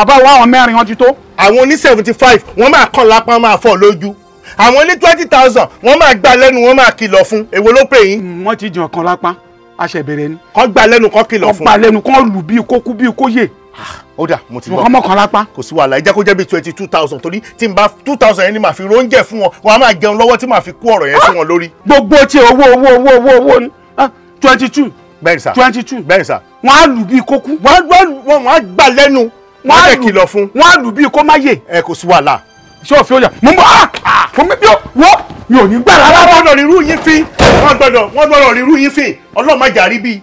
àbá wa àwọn mẹ́rin wọn ti tó. àwọn oní seventy five wọ́n máa kàn lápá máa fọ́ lójú àwọn oní twenty thousand wọ́n máa gbà lẹ́nu wọ́n máa kìlọ̀ fún èwo ló pè yín. wọ́n ti jìn ọ̀kan lápá aṣẹ̀bẹ̀rẹ̀ ni. kọ́ gba lẹ́nu kọ́ kìlọ̀ fún. kọ́ gba lẹ́nu kọ́ lù bíi kó kú bíi kó yè. Ah, ó dà mo ti gbọ́ ọmọ kan lápá. kò sí wàhálà ẹ kó jẹ́ bíi twenty two thousand torí tí n bá two thousand yẹn ni màá fi róúnjẹ fún wọn wọn á máa jẹun lọ́wọ́ tí màá fi kó ọ̀rọ̀ yẹn sí wọn lórí. gbogbo ti owó owó owó owó owó ni ah, twenty two. bẹ́ẹ̀ni sà twenty two. bẹ́ẹ̀ni sà. wọ́n á lù bíi kó kú. wọ́n á gbà lẹ́nu. wọ́n á lù bíi kó má yè. ẹ kò sí wàhálà iṣẹ́ ọ̀fẹ́ ọ̀yà mo ń bọ̀ á ah! mo ah! mi yóò wọ́ mi ò ní gbà rárá. wọ́n gbọ́dọ̀ rírú yín fín wọ́n gbọ́dọ̀ wọ́n gbọ́dọ̀ rírú yín fín ọlọ́run má rí bí.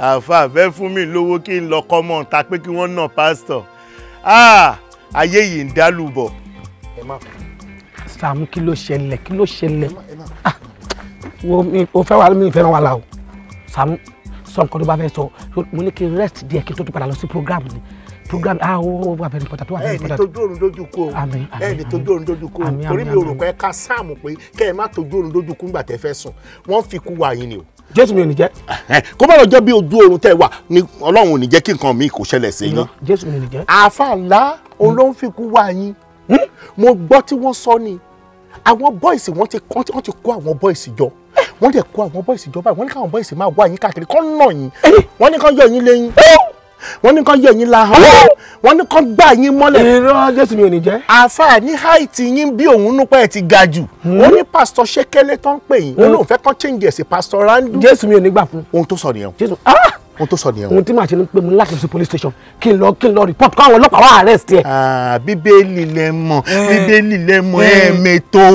àfa fẹ́ fún mi lówó kí n lọ kọ́mọ ta pé kí wọ́n nà pásítọ̀ ayé yìí ń dálùbọ̀. Sàámú kí ló ṣẹlẹ̀ kí ló ṣẹlẹ̀ ah! wo mi ò fẹ́ wà mí ìfẹ́ràn wà la o sọ nǹkan tó bá fẹ́ sọ mo ní kí n rest díẹ̀ kí n tó tún padà lọ sí program ni program ah o wa very important wa very important. ẹ ní tójú òrùn dojú kó o ẹ ní tójú òrùn dojú kó o torí mi ò rò pé ká sáàmù pé kẹ ẹ má tójú òrùn dojú kó nígbà tẹ fẹ́ sùn wọ́n fi kú wa yín ni o. jésù mi ò ní jẹ́. kó bá lọ jẹ́ bí ojú oorun tẹ́ wà ni ọlọ́run ò ní jẹ́ kí nǹkan mi kò ṣẹlẹ̀ sí yín. jésù mi ò ní jẹ́. àfa ńlá olóhùn wa yín hmm? mo gbọ́ tí wọ́n sọ ni àwọn bọ́ìsì wọ́n ti wọ́n ti kó àwọn bọ́ìsì jọ wọ́n dẹ̀ kó àwọn bọ́ìsì jọ báyìí wọ́n ní káwọn bọ́ìsì máa wá yín káàkiri kán nà yín wọ́n ní kán yọ yín lẹ́yìn wọ́n ní kán yọ yín lahàn wọ́n ní kán gbà yín mọ́lẹ̀. irọ́ jésù mi ò ní jẹ́. àfáà ní háìtì yín bí òun nípa ẹ̀ ti ga jù ó ní pásítọ̀ ṣékélé tán pè yín ó lóun fẹ́ kán change ẹ̀ sí pásítọ̀ rándú. jésù mi ò ní gbà fún. ohun tó sọ nìyẹn. jésù ah ohun tó sọ nìyẹn o. ohun tí màá ṣe ni pé mo láti lọ sí police station kí n lọ kí n lọ report kó àwọn ọlọ́pàá arrest ẹ. bíbélì lẹ mọ̀ eh, bíbélì lẹ mọ̀ eh. ẹ mẹto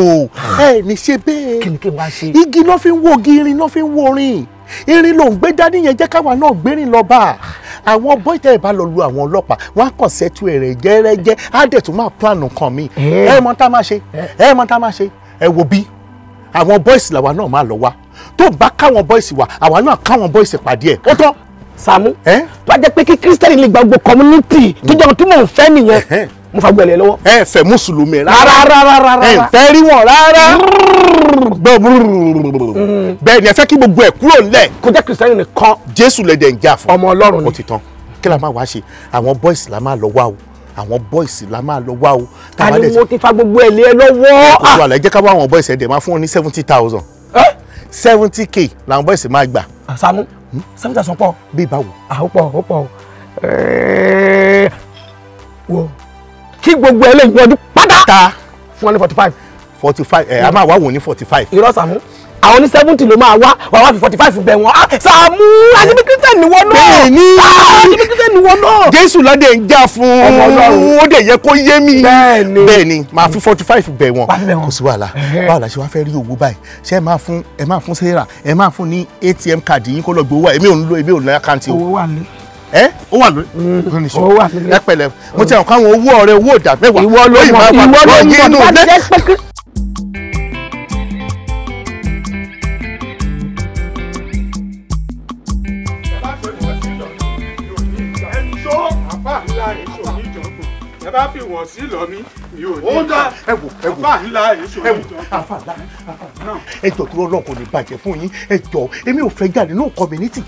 ẹ ní ṣe bẹ́ẹ̀. kí wá ṣe. igi ló fi ń wo igi irin ló fi ń wo orin irin ló ń gbé dání yẹn jẹ́ káwa náà gbérin lọ bá a àwọn bóyá ẹ bá lọ lu àwọn ọlọ́pàá wọn á kàn sẹ́tù ẹ̀rẹ̀ jẹ́rẹ́jẹ́ á dẹ̀ tún máa plan nǹkan mi eh. ẹ mọ tá a máa ṣe ẹ mọ tá a máa ṣe ẹ wo bí àwọn bọ́ìsì làwa náà máa lọ wá tó bá káwọn bọ́ìsì wá àwa náà káwọn bọ́ìsì pàdé ẹ̀ ó tán. Sàámú tó a jẹ́ pé kí kírísítẹ́nì lè gba gbogbo community tó jẹun tí mò ń fẹ́ nìyẹn mo fa gbẹ̀lẹ̀ lọ́wọ́. ẹ fẹ́ mùsùlùmí rárá ẹ fẹ́ rí wọn rárá mm. bẹ́ẹ̀ ni ẹ fẹ́ kí gbogbo ẹ̀ kúrò ńlẹ̀. kò jẹ́ kìrìsìtẹ́nì nìkan. jésù lẹ́dẹ̀ ń jà fún ọmọ ọlọ́run ni. ó ti tán kí la máa wá ṣe àwọn boys la máa lọ wá o àwọn boys la máa lọ wá o. ta ni mo ti fa gbogbo ẹ̀ lé ẹ lọ́wọ́. òṣùwàlẹ̀ ah. jẹ́ ká wá àwọn boys ẹ̀ dẹ̀ máa fún wọn ní seventy thousand seventy k làwọn boys máa gbà. Sàámú Sàámú tẹ̀sán pọ̀. bí báwo. àwọn ah, pọ̀ ó pọ̀ eh, wo kí gbogbo ẹlẹ́yìn ọdún pátá fún ọ ní forty five. forty five ẹ̀ eh, a máa wá wò ní forty five. irọ́ Sàámú àwọn ní seventy ló máa wá wà wá fi forty five bẹ̀ wọ́n ah, Sàámú àṣìbí christian ni wọ́n náà bẹ́ẹ̀ ni ah, àṣìbí christian ni wọ́n náà. jésù lọ́dẹ̀ ń jà fún un ó dẹ̀ yẹ kó yé mi bẹ́ẹ̀ ni máa fi forty five bẹ̀ wọ́n kò sí wàhálà báwo la ṣe fẹ́ rí owó báyìí ṣé ẹ máa fún ẹ máa fún sarah ẹ máa fún ní atm card yín kó lọ gbowó èmi ò ń lo èmi ò ń o. ẹ ó wà lórí owó wà lórí mm, ẹ pẹ̀lẹ́ mo ti àwọn owó ọ̀rẹ́ owó ọdà mẹ́wàá ìwọ ló mọ ìwọ ló mọ ìwọ ló mọ ńlá èso oníjọ̀kọ̀ ẹ bá fi wọ̀n sí lọ mi mi ò ní. ó dá ẹ wò ẹ wò àfa ńlá èso oníjọ̀kọ̀. àfa ńlá ẹ jọ tó lọ́kọ̀ ní bàjẹ́ fún yín ẹ jọ èmi ò fẹ́ jáde nínú community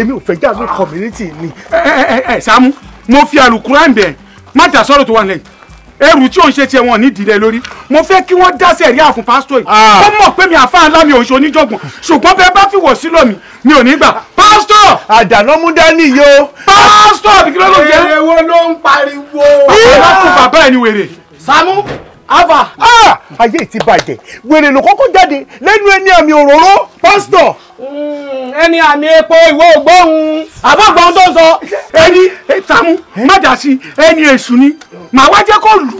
èmi ò fẹ́ jáde nínú community ni. ẹ ẹ ẹ Sàámú mo fi àlùkùrá ń bẹ̀ má dà sọ́rọ̀ tó wà lẹ́yìn ẹrù tí òun ṣe tiẹ̀ wọn nídìí rẹ lórí mo fẹ́ kí wọ́n dá sẹ̀ríà fún pásítọ̀ yìí ó ah. mọ̀ pé mi àfa ńlá mi ò ń ṣe oníjọ̀gbọ̀n ṣùgbọ́n bẹ́ẹ̀ bá fìwọ̀ sí lómi mi ò ní gbà pásítọ̀. àdàná mú dání yìí o. pásítọ̀ kí ló ló jẹ́. èrè wo ló ń pariwo. bàbá ẹ̀ wèrè. Sàámú ava ah! ayé ti bàjẹ́ wèrè ló kọ́kọ́ jáde lẹ́nu ẹni àmì òróró pásítọ̀. Hmm, ẹni àmì epo ìwé ògbóhùn àbọ̀gbọ́n tó sọ. ẹni tàmú má dà sí ẹni èṣù ni màá wá jẹ́ kó lù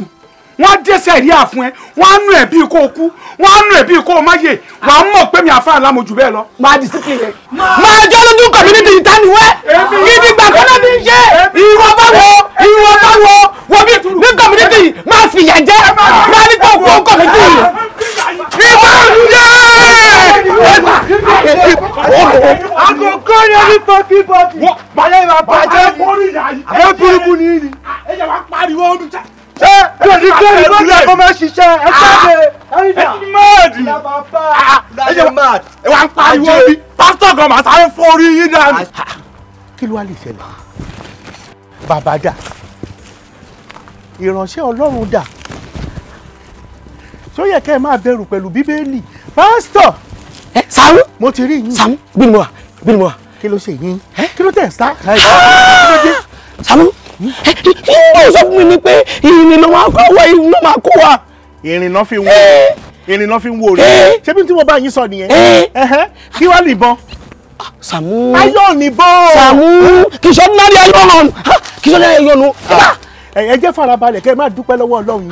wọ́n á dẹ́sẹ̀ rí àfún ẹ wọ́n á nù ẹ̀ bíi kó o kú wọ́n á nù ẹ̀ bíi kó o má yè wàá mọ̀ pé mi àfa àlámọ̀ jù bẹ́ẹ̀ lọ. máa discipline rẹ. máa jọ lójú community ìtaniwẹ́ ibi gbàgbọ́ náà ti ń ṣe ìwọ bá wo ìwọ bá wo wo bí ní community máa fìyà jẹ máa ní kó kó community yìí. ìbá yẹ. àkókò yẹn ní pọ́kí pọ́kí. balẹ̀ ìwà bàjẹ́ ẹ burúkú ni. ẹ jẹ́ wá pariwo ọdún jáde ṣé kí ni bá dà kó máa ṣiṣẹ́ ẹ ah! ṣáàbẹ̀ ẹ̀ríjà ẹ̀yà bàbá ẹ̀yà mad ẹ̀ ah, ah, wà ń pariwo bí pásítọ̀ gan màá sáré fún orí yín náà. kí ló wá lè ṣẹlẹ̀ bàbá dà ìránṣẹ́ ọlọ́run dà tí ó yẹ kẹ́ ẹ máa bẹ̀rù pẹ̀lú bíbélì pásítọ̀. ẹ sàrú. mo ti rí yín. sàrú bí ni mo wà bí ni mo wà. kí ló ṣe yín kí ló tẹ̀ sá. sàrú wọ́n sọ fún mi ni pé irin ló máa kó wa irin ló máa kó wa. irin náà fi wo irin eh. náà fi wo rí eh. ṣé bí tí mo bá yín sọ nìyẹn eh. kí wàá nìbọn. Sàámú ayọ̀ nìbọn. Sàámú kì í ṣe ordinary ayọ̀ hàn kì í ṣe ordinary ayọ̀ nù ah. ẹ jẹ́ farabalẹ̀ kẹ́ ẹ máa dúpẹ́ lọ́wọ́ Ọlọ́run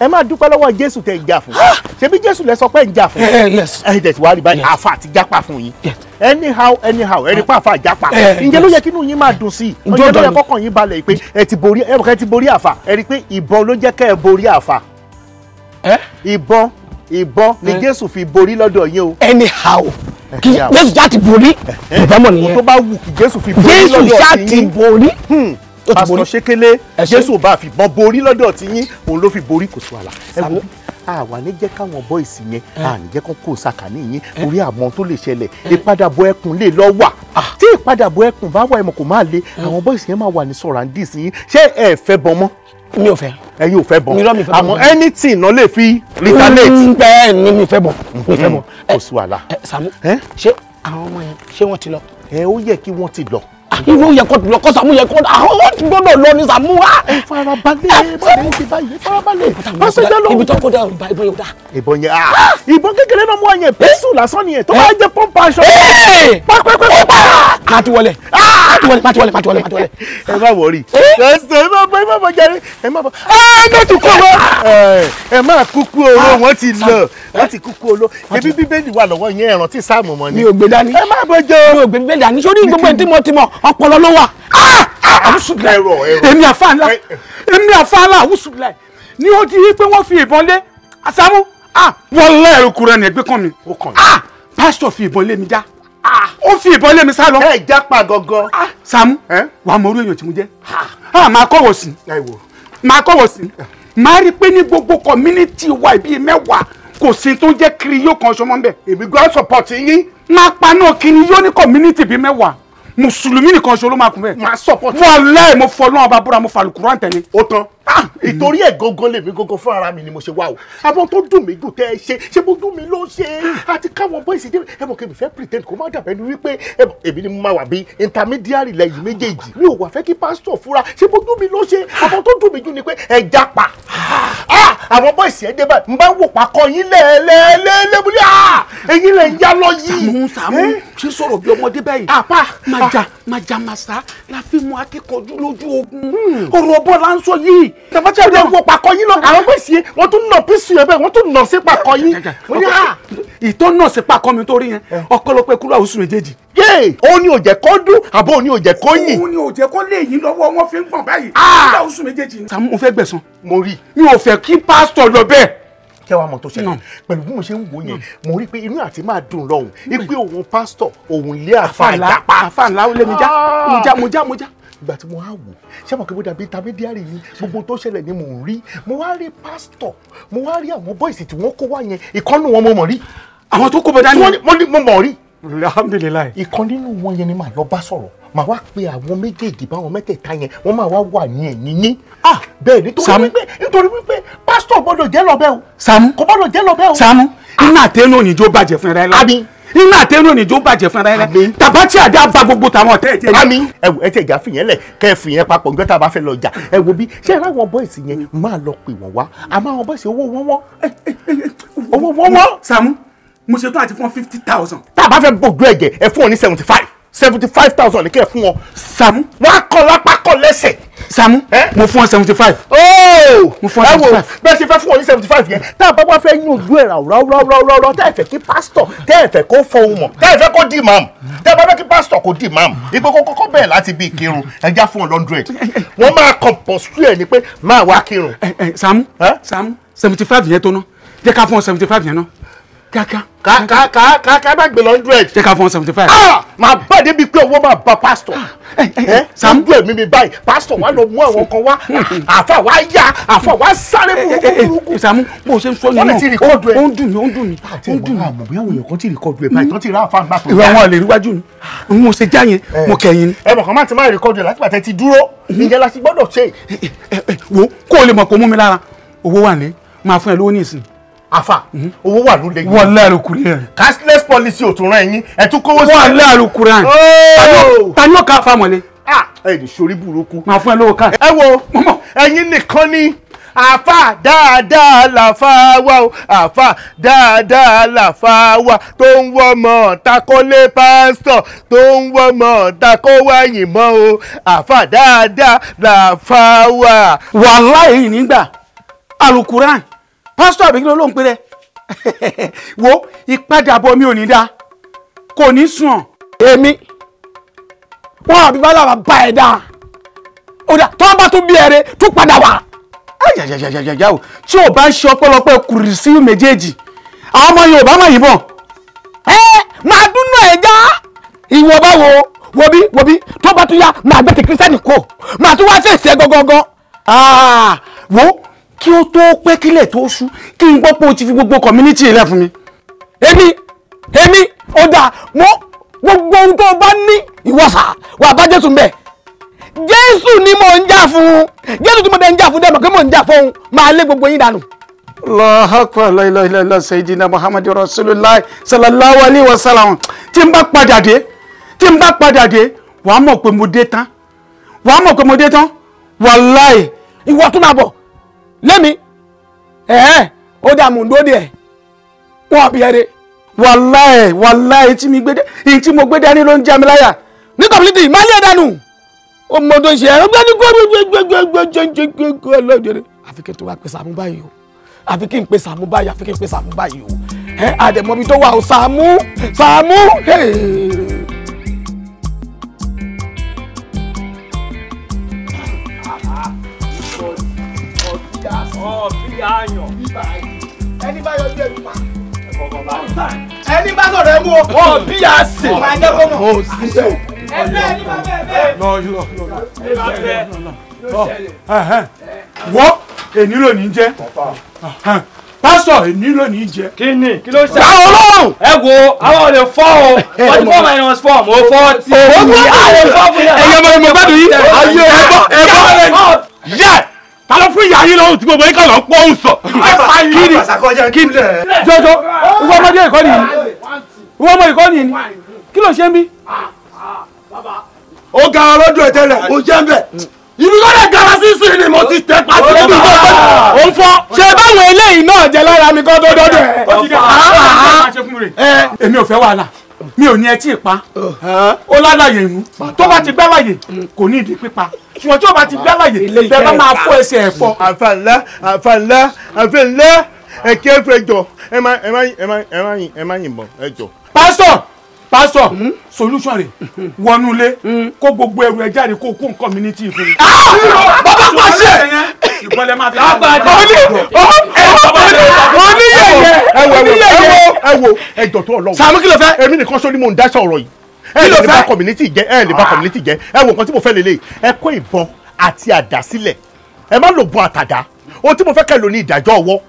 ẹ máa dúpẹ́ lọ́wọ́ Jésù tẹ̀ gbà fún ṣebí jésù lẹ sọ pé ń jà fún yín eh, ẹ jẹ ti wá rí báyìí àfa àti jápa fún yín anyhow anyhow ẹ rí pa àfa àjápa eh, ǹjẹ́ ló yẹ kí inú yín máa dùn sí i ǹjẹ́ ló yẹ kọ́kàn yín balẹ̀ pé ẹ ti borí ẹ kẹ́ ti borí àfa ẹ rí pé ìbọn ló jẹ́ kẹ́ ẹ borí àfa eh? ìbọn ìbọn ni jésù fi borí lọ́dọ̀ yín o. anyhow kí jésù já ti borí ìbámọ̀ nìyẹn. tó bá wù kí jésù fi borí lọ́dọ̀ yín jésù já ti borí hmm. pásítọ̀ ṣékélé jésù bá fi bọ́n borí lọ́dọ̀ tí yín òun ló fi borí kò sí wàhálà àwa ní jẹ́ káwọn bọ́ìsì yẹn àní jẹ́ kó kó sàkání yín orí àmọ́ tó lè ṣẹlẹ̀ ìpadàbọ̀ ẹkùn lè lọ wà ah. tí ìpadàbọ̀ ẹkùn bá wà ẹ̀mọ̀ kò máa le àwọn bọ́ìsì yẹn máa wà ní sọ̀ràǹdìsì yín ṣé ẹ fẹ́ bọ́n mọ́ mi ò fẹ́ ẹ̀yin ò fẹ́ bọ̀ àmọ́ anything náà lè fi retaliate. Mm, bẹ́ẹ̀ ni mi fẹ́ bọ̀ mi fẹ́ mm-hmm. bọ̀. kò sí wàhálà. Sàámú ṣé àwọn ọmọ yẹn ṣé wọ́n ti lọ. ẹ ó yẹ kí wọ́n ti lọ irú yẹ kó lọ kó sàmú yẹ kó àwọn ti gbọ́dọ̀ lọ ní sàmú wa. farabalẹ̀ báyìí ah, ti báyìí farabalẹ̀ pàṣẹjẹ lọ. ibi tó kó dá ìbọn yóò dá. ìbọn yẹn aa ah, ah! ìbọn kékeré náà mú wa yẹn pẹ́sù eh! lásán nìyẹn tó bá eh! jẹ pọ́ǹpù aṣọ. pàpẹ́pẹ́pẹ́. Eh! pàti wọlé pàti wọlé pàti wọlé pàti wọlé. ẹ má wọrí ẹsẹ ẹ má bọ ẹ má bọ jàre ẹ má bọ ẹ má tún kọ wọn. ẹ má kúkú oró wọn ti lọ wọn ti kúkú oró ebi bíbélì wà lọ́wọ́ yẹn ẹ̀rọ tí sáàmù mọ́ ni. mi ò gbé dání. ẹ má bọ jọ. mi ò gbé dání sórí gbogbo ẹ̀ tí mo ti mọ̀ ọpọlọ ló wà awusubila ah! ah! èmi àfáàlà èmi àfáàlà awusubila ni ó di pé wọ́n fi ìbọn lé asamu ah! wọ́n lé ẹ̀rọ̀kù rẹ̀ nìgbẹ́ kan mi pásítọ̀ fi ìbọn lé mi já ó fi ìbọn lé mi sá lọ. ẹ jápa gangan. Sàámú wàá mọ orí èèyàn tí mo jẹ máa kọ̀wọ̀ sí máa kọ̀wọ̀ sí máa rí i pé ní gbogbo community wa ibi mẹ́wàá kò sí tó jẹ́ kiri yóò kan ṣọmọ bẹ́ẹ̀. èmi gbọ́dọ̀ support yín. máa paná kiri yóò ní community bíi mẹ́wàá mùsùlùmí nìkan ṣo ló máa kún bẹ́ẹ̀. máa support. wàláhì mo fọlọ́n ọba búra mo fàlùkùrọ̀ àǹtẹ̀ni. ó tán ah! Ah, ìtorí ẹ̀ gangan lèmi gangan fún ara mi ni mo ṣe wá o. àwọn tó dùn mí dùn tẹ́ ẹ ṣe ṣé mo dùn mí ló ṣe àti káwọn bọ́ ìṣèjẹ́ ẹ mọ̀ kébì fẹ́ pretend kó má dàbẹ́ ni wípé èmi ni mo máa wà bí intermediary lẹ́yìn méjèèjì mi ò wà fẹ́ kí pásítọ̀ fúra ṣé mo dùn mí ló ṣe àwọn tó dùn mí jù ni pé ẹ jápa. Ah! àwọn bọ́ìsì ẹ̀ débà ń bá wò pakọ́ yín lẹ́ẹ̀lẹ́ẹ̀lẹ́ẹ̀lẹ́bùlẹ́ à èyí lẹ̀ ń yá lọ yìí. sàmù sàmù ṣe sọ̀rọ̀ bí ọmọdé báyìí. àpá màjà màjà màsá la fi mú akẹ́kọ̀ọ́jú lójú ogun hmm. ọ̀rọ̀ ọbọ̀ la ń sọ yìí. tàbátí àwọn ọmọ pakọ́ yín lọ àwọn bọ́ìsì wọ́n tún nà písù ẹ̀ bẹ́ẹ̀ wọ́n tún nà sí pakọ́ yín. Ah. ìtọ́ nà sí pakọ́ mi torí yẹn ọkọ lọ pẹ́ kúrò àwòsùn méjèèjì yé òun ni ò jẹ́ kó dún àbọ̀ òun ni ò jẹ́ kó yìn. òun ni ò jẹ́ kó lè yín lọ́wọ́ wọn fi ń pọ̀n báyìí. nígbà ah! oṣù méjèèjì ni. Sàámú mo fẹ́ gbẹ̀san mo rí mi ò fẹ́ kí pásítọ̀ lọ bẹ́ẹ̀ kẹwàá mọ̀ tó ṣẹlẹ̀ pẹ̀lú bí mo ṣe ń wò yẹn mo rí i pé inú àti máa dùn lọ́hùn ipe òun pásítọ̀ òun lé àfa ìjàpá àfa ńlá ó lé já mo já mo já mo já ìgbà tí mo á wò ṣé mo kébé dàbí intermediary ni gbogbo tó ṣẹlẹ̀ ni mò ń rí mo wá rí pásítọ̀ mo wá rí àwọn bọ́ìsì tí wọ́n kó wá yẹn ìkọ́nù wọn mo mọ̀ rí. àwọn tó kó bẹ dání. mo mọ̀ rí alhamdulilayi. ìkan nínú wọn yẹn ni màá lọ bá sọ̀rọ̀ màá wá pe àwọn méjèèjì báwọn mẹ́tẹ̀ẹ̀ta yẹn wọ́n máa wá wà ní ẹ̀yìn yín. ah bẹ́ẹ̀ nítorí wípé nítorí wípé pásítọ̀ gbọ́dọ̀ jẹ́ lọ́bẹ̀ o. Sàámú kò gbọ́dọ̀ jẹ́ lọ́bẹ̀ o. Sàámú ah. iná àtẹnu òníjó bàjẹ́ fún ẹ̀rẹ́ lọ. àmín iná àtẹnu òníjó bàjẹ́ fún ẹ̀rẹ́ lọ. tàbá tí àdá bá gbogbo tàwọn ọ̀tẹ́ ẹ̀jẹ̀ yẹn. ẹ wò ẹ tẹ̀ já fìyẹn lẹ̀ kẹ́ ẹ fìyẹn papọ̀ nígbà tá a bá fẹ́ lọ jà ẹ wò bí ṣé ẹ ráwọn bọ́ìsì yẹn máa lọ pè wọ́n wá àmọ́ àwọn bọ́ìsì owó wọ́n wọ́n owó wọ́n wọ́n. Sàámú mo ṣe tán àti fún fifty thousand. tá a bá fẹ́ gbogbo ẹ̀jẹ̀ ẹ fún ọ ní seventy five seventy five thousand ní kẹ́ ẹ fún ọ. Sàámú. wọ́n á kọ́ lápá kọ́ lẹ́sẹ̀. Sàámú mo fún ọ seventy five. ooo mo fún ọ seventy five. bẹ́ẹ̀ ṣe fẹ́ fún ọ ní seventy five yẹn tá a bá wá fẹ́ yín ojú ẹ̀ ráúráúráúráúrá tẹ́ ẹ fẹ́ kí pásítọ̀ tẹ́ ẹ fẹ́ kó fọhùn mọ̀ tẹ́ ẹ fẹ́ kó dì máàmù tẹ́ ẹ bá fẹ́ kí pásítọ̀ kó dì máàmù ìpè kókó kọ́ bẹ́ẹ̀ láti bí ìkírun ẹja fún ọ lọ́ndrẹ̀d wọ́n máa compostry ẹ̀ ni pé máa wá seventy five yẹn tó ná jẹ́ ká seventy five yẹn náà kíákíá. kàkà kàkà kàkà bá gbé lọ hundred. jẹ́ ká fún seventy five. Ah! màá bá débi pé owó máa ba pásítọ̀. Ah! sàmúlò mi mi báyìí pásítọ̀ wà lọ mú àwọn kan wá hmm, hmm. ah! àfa wá yá àfa wá sáré eh, eh, burúkú. ìsàmú eh, bó o ṣe ń sọ nínú ó ń dùn mí ó ń dùn mí ó ń dùn mí. àmọ̀ bóyá òyìnbó ti rìkọ́dù báyìí hmm. tó ti rà àfa gbà tó. ìwà wọn lè ríwájú ni n ò ṣe já yẹn mo kẹyìn ni. ẹ mọ̀kàn má ti máa rìkọ́dù ẹ̀ láti pàtẹ́ ti dúró ìyẹn la ti gbọ́dọ̀ ṣe. wo kó o lè mọ̀ kó mú mi lára owó wà ní máa fún ẹ lówó ní ìsìn afa owó wà lóde yìí. wọlé àlùkùrẹ́ yẹn. cashless policy ò tún rán ẹyin ẹ tún kówó sí. wọlé àlùkùrẹ́ yẹn. tani ó oh! ká famọ̀lẹ́. ẹ ní sori burúkú. màá fún ẹ lówó ká. ẹ wo ẹyin nìkan ni àfà dáadáa làfà wá o àfà dáadáa làfà wá tó ń wọ́ mọ̀ takólé pásítọ̀ tó ń wọ́ mọ̀ takówáyìn mọ́ o àfà dáadáa làfà wá. wàláì nígbà alukuran pásítọ̀ àbí kí ló lóun pé rẹ wo ìpadàbọ̀ mi ò ní dáa kò ní sùn. èmi wọn àbí bá làwọn bá ẹ dáa ọ̀dà tó bá tún bí ẹrẹ tún padà wá. ayayayayaya o tí o bá ń ṣe ọpẹ́lọpẹ́ kùrìsí méjèèjì àwọn ọmọ Yorùbá máa yìnbọn ẹ máa dúnú ẹ já ìwọ báwo wobi wobi tó bá tún yá máa gbé ti kírísítẹ́nì kó máa tún wá sí ìṣe gangan ah, wo kí ó tó pẹ́ kílẹ̀ tó ṣú kí n gbọ́ pé o ti fi gbogbo community rẹ̀ fún mi. èmi èmi ó dáa mo gbogbo ohun tó o bá ní ìwọ̀sà wà bá jésù mbẹ̀ jésù ni mò ń jà fún jésù tí mo dẹ̀ ń jà fún dẹ́mọ̀ pé mò ń jà fún un máa lé gbogbo yín dànù. lọ́hàkọ́ lọ́hìlọ́hìlọ́ sayyidina muhammadu rasulullah sallallahu alayhi wa sallam tí n bá padà dé tí n bá padà dé wàá mọ̀ pé mo dé tán wàá mọ̀ pé mo dé tán wàláì ìwọ tún máa bọ̀ lémi ẹ̀ẹ́ ó dà mò ń dóde ẹ̀ wọ́n bí ẹ̀rẹ́ wàláì wàláì tí mi gbé dé èyí tí mo gbé dání ló ń jẹ mi láyà ní kọ̀pìlìtì má lé dànù ó mọ tó ń ṣe ẹ̀rọ gbẹ́ni gbẹ́ni gbẹ́gbẹ́gbẹ́gbẹ́gbẹ́gbẹ́ ọlọ́jọ́rẹ́ àfi kí n tó wá pè Sàámú báyìí o àfi kí n pè Sàámú báyìí àfi kí n pè Sàámú báyìí o ẹ àdèmọ́bi tó wà o Sàámú Sàámú. àyàn. ẹni bá yọjú ẹni pa ẹni bá sọ̀rọ̀ ẹ mú o. wọ́n bí a sè. ọmọ ajá kọ́ mọ̀. o sì sè. ẹgbẹ́ ẹni bá bẹ́ẹ̀ bẹ́ẹ̀. lọ yọ lọ lọ. wọ́n èní ló ní jẹ́ eh, eh. pásítọ̀ èní ló ní jẹ́. kí ni kí ló ṣe. báwo ló. ẹ wo àwọn olè fọ́ o forty eh, four minus four mo fọ́ ti. o ní àlè fọ́ fún yàrá. ẹ̀yẹ́ mọ̀ ìmọ̀ bá dùn yìí. ayé ẹ̀gbọ́n ẹ̀gbọ́n yẹ ta ló fún ìyá yín lọ́hùn tí gbogbo yín kàn lọ́ pọ́ òun sọ. ẹ pa yín ni kí ni jọjọ ìwọ ọmọdé ìkọ́ nìyí ìwọ ọmọ ìkọ́ nìyí kí ló ṣe ń bí. ó ga ọlọ́dún ẹ̀tẹ́lẹ̀ ó jẹ́ ń bẹ̀ ibi kọ́ lè gara sísìn ni mo ti tẹ́ pàtó níbi ìgbà pẹ́. ó ń fọ́. ṣé báwọn eléyìí náà jẹ lára mi kọ́ tó dọ́dọ̀ ẹ̀. èmi ò fẹ́ wàhálà mi ò ní ẹtí ìpa ó lálàyé ìmú tó bá ti gbá láyè kò ní ìdí pípa ṣùgbọ́n tí o bá ti gbá láyè bẹ́ẹ̀ bá máa fọ ẹsẹ̀ ẹ̀ fọ. àfàlà àfàlà àfẹlẹ ẹkẹ fẹ jọ ẹ má ẹ má ẹ má ẹ má ẹ má yìnbọn ẹ jọ. pásítọ̀ pásítọ̀ hmm? solution rẹ̀ hmm. wọnúlé hmm. kó gbogbo ẹrù ẹ jáde kó kó nǹkan mi ní tí ì mi. bàbá pàṣẹ ìpínlẹ̀ máa fi ká bá a jẹ. oníyẹyẹ oníyẹyẹ ẹwọ ẹwọ ẹjọ tó Ọlọ́run. sàmúkìlọ fẹ. èmi nìkan sọ ni mò ń dáṣọ ọ̀rọ̀ yìí ẹ lè bá ah. community jẹ ẹ lè bá community jẹ ẹ wo nǹkan tí mo fẹ́ lélẹ̀ ẹ kó ìbọn àti àdá sílẹ̀ ẹ má lò bọ́n àtàdá ohun tí mo fẹ́ kẹ́ lò ní ìdájọ́ ọwọ́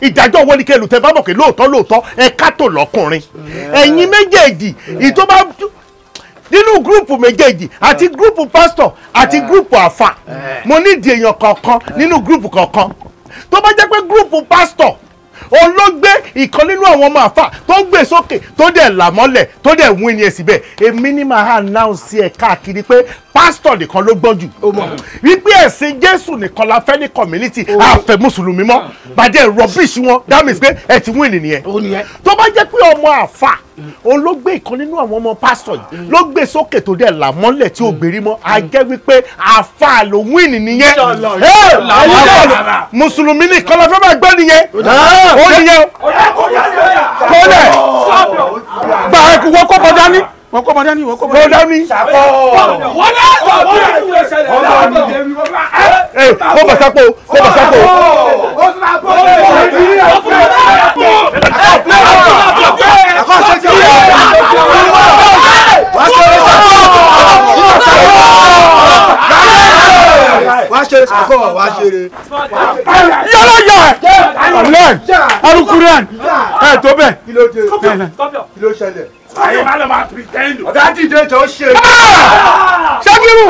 ìdájọ́ ọwọ́ ni kẹ́ lò tẹ́ bá mọ̀ pé lóòótọ́ lóòótọ́ ẹ kátó lọ́kùnrin ẹ̀yin méjèèjì ìtọ́ bá nínú gúrùpù méjèèjì àti gúrùpù pásítọ̀ àti gúrùpù àfà mo nídìí èèyàn kọ̀ọ̀kan nínú gúrùpù kọ̀ọ̀kan tó bá jẹ́ pé gúrùpù pásítọ̀ òun ló gbé ìkan nínú àwọn ọmọ àfà tó gbé sókè tó dẹ̀ là mọ́lẹ̀ tó dẹ̀ wún ni ẹ̀ síbẹ̀ èmi ni màá announce ẹ̀ káàkiri pé pásítọ̀ nìkan ló gbọ́n jù wípé ẹ̀sìn jésù nìkan la fẹ́ ní community àfẹ́ mùsùlùmí mọ́ bàjẹ́ rubbish wọn that means pé ẹ ti win nìyẹn tó bá jẹ́ pé ọmọ àfà òun ló gbé ìkan nínú àwọn ọmọ pásítọ̀ yìí ló gbé sókè tó dẹ̀ là mọ́lẹ̀ tí ó gbèrí mọ́ a mm. jẹ́ wípé àfà ló win nìyẹn mùsùlùmí nìkan la fẹ́ máa gbọ́ nìyẹn ó nìyẹn kọ́lẹ̀ gbà ẹ̀kú wọ́kọ́ kọjá ní wọ́n kọ́ mọ́dání wọ́n kọ́ mọ́dání. wọ́n dání. wọ́n dá wọ́n dá ìwé ṣẹlẹ̀ láàbù. ẹ kó bàtà pò kó bàtà pò. yọlọ yọ ẹ ọlẹ alukuran ẹ tó bẹ. kí ló ṣẹlẹ̀ ayé má lọ máa pretend. ọ̀gá dìde jọ ṣe. ṣagiru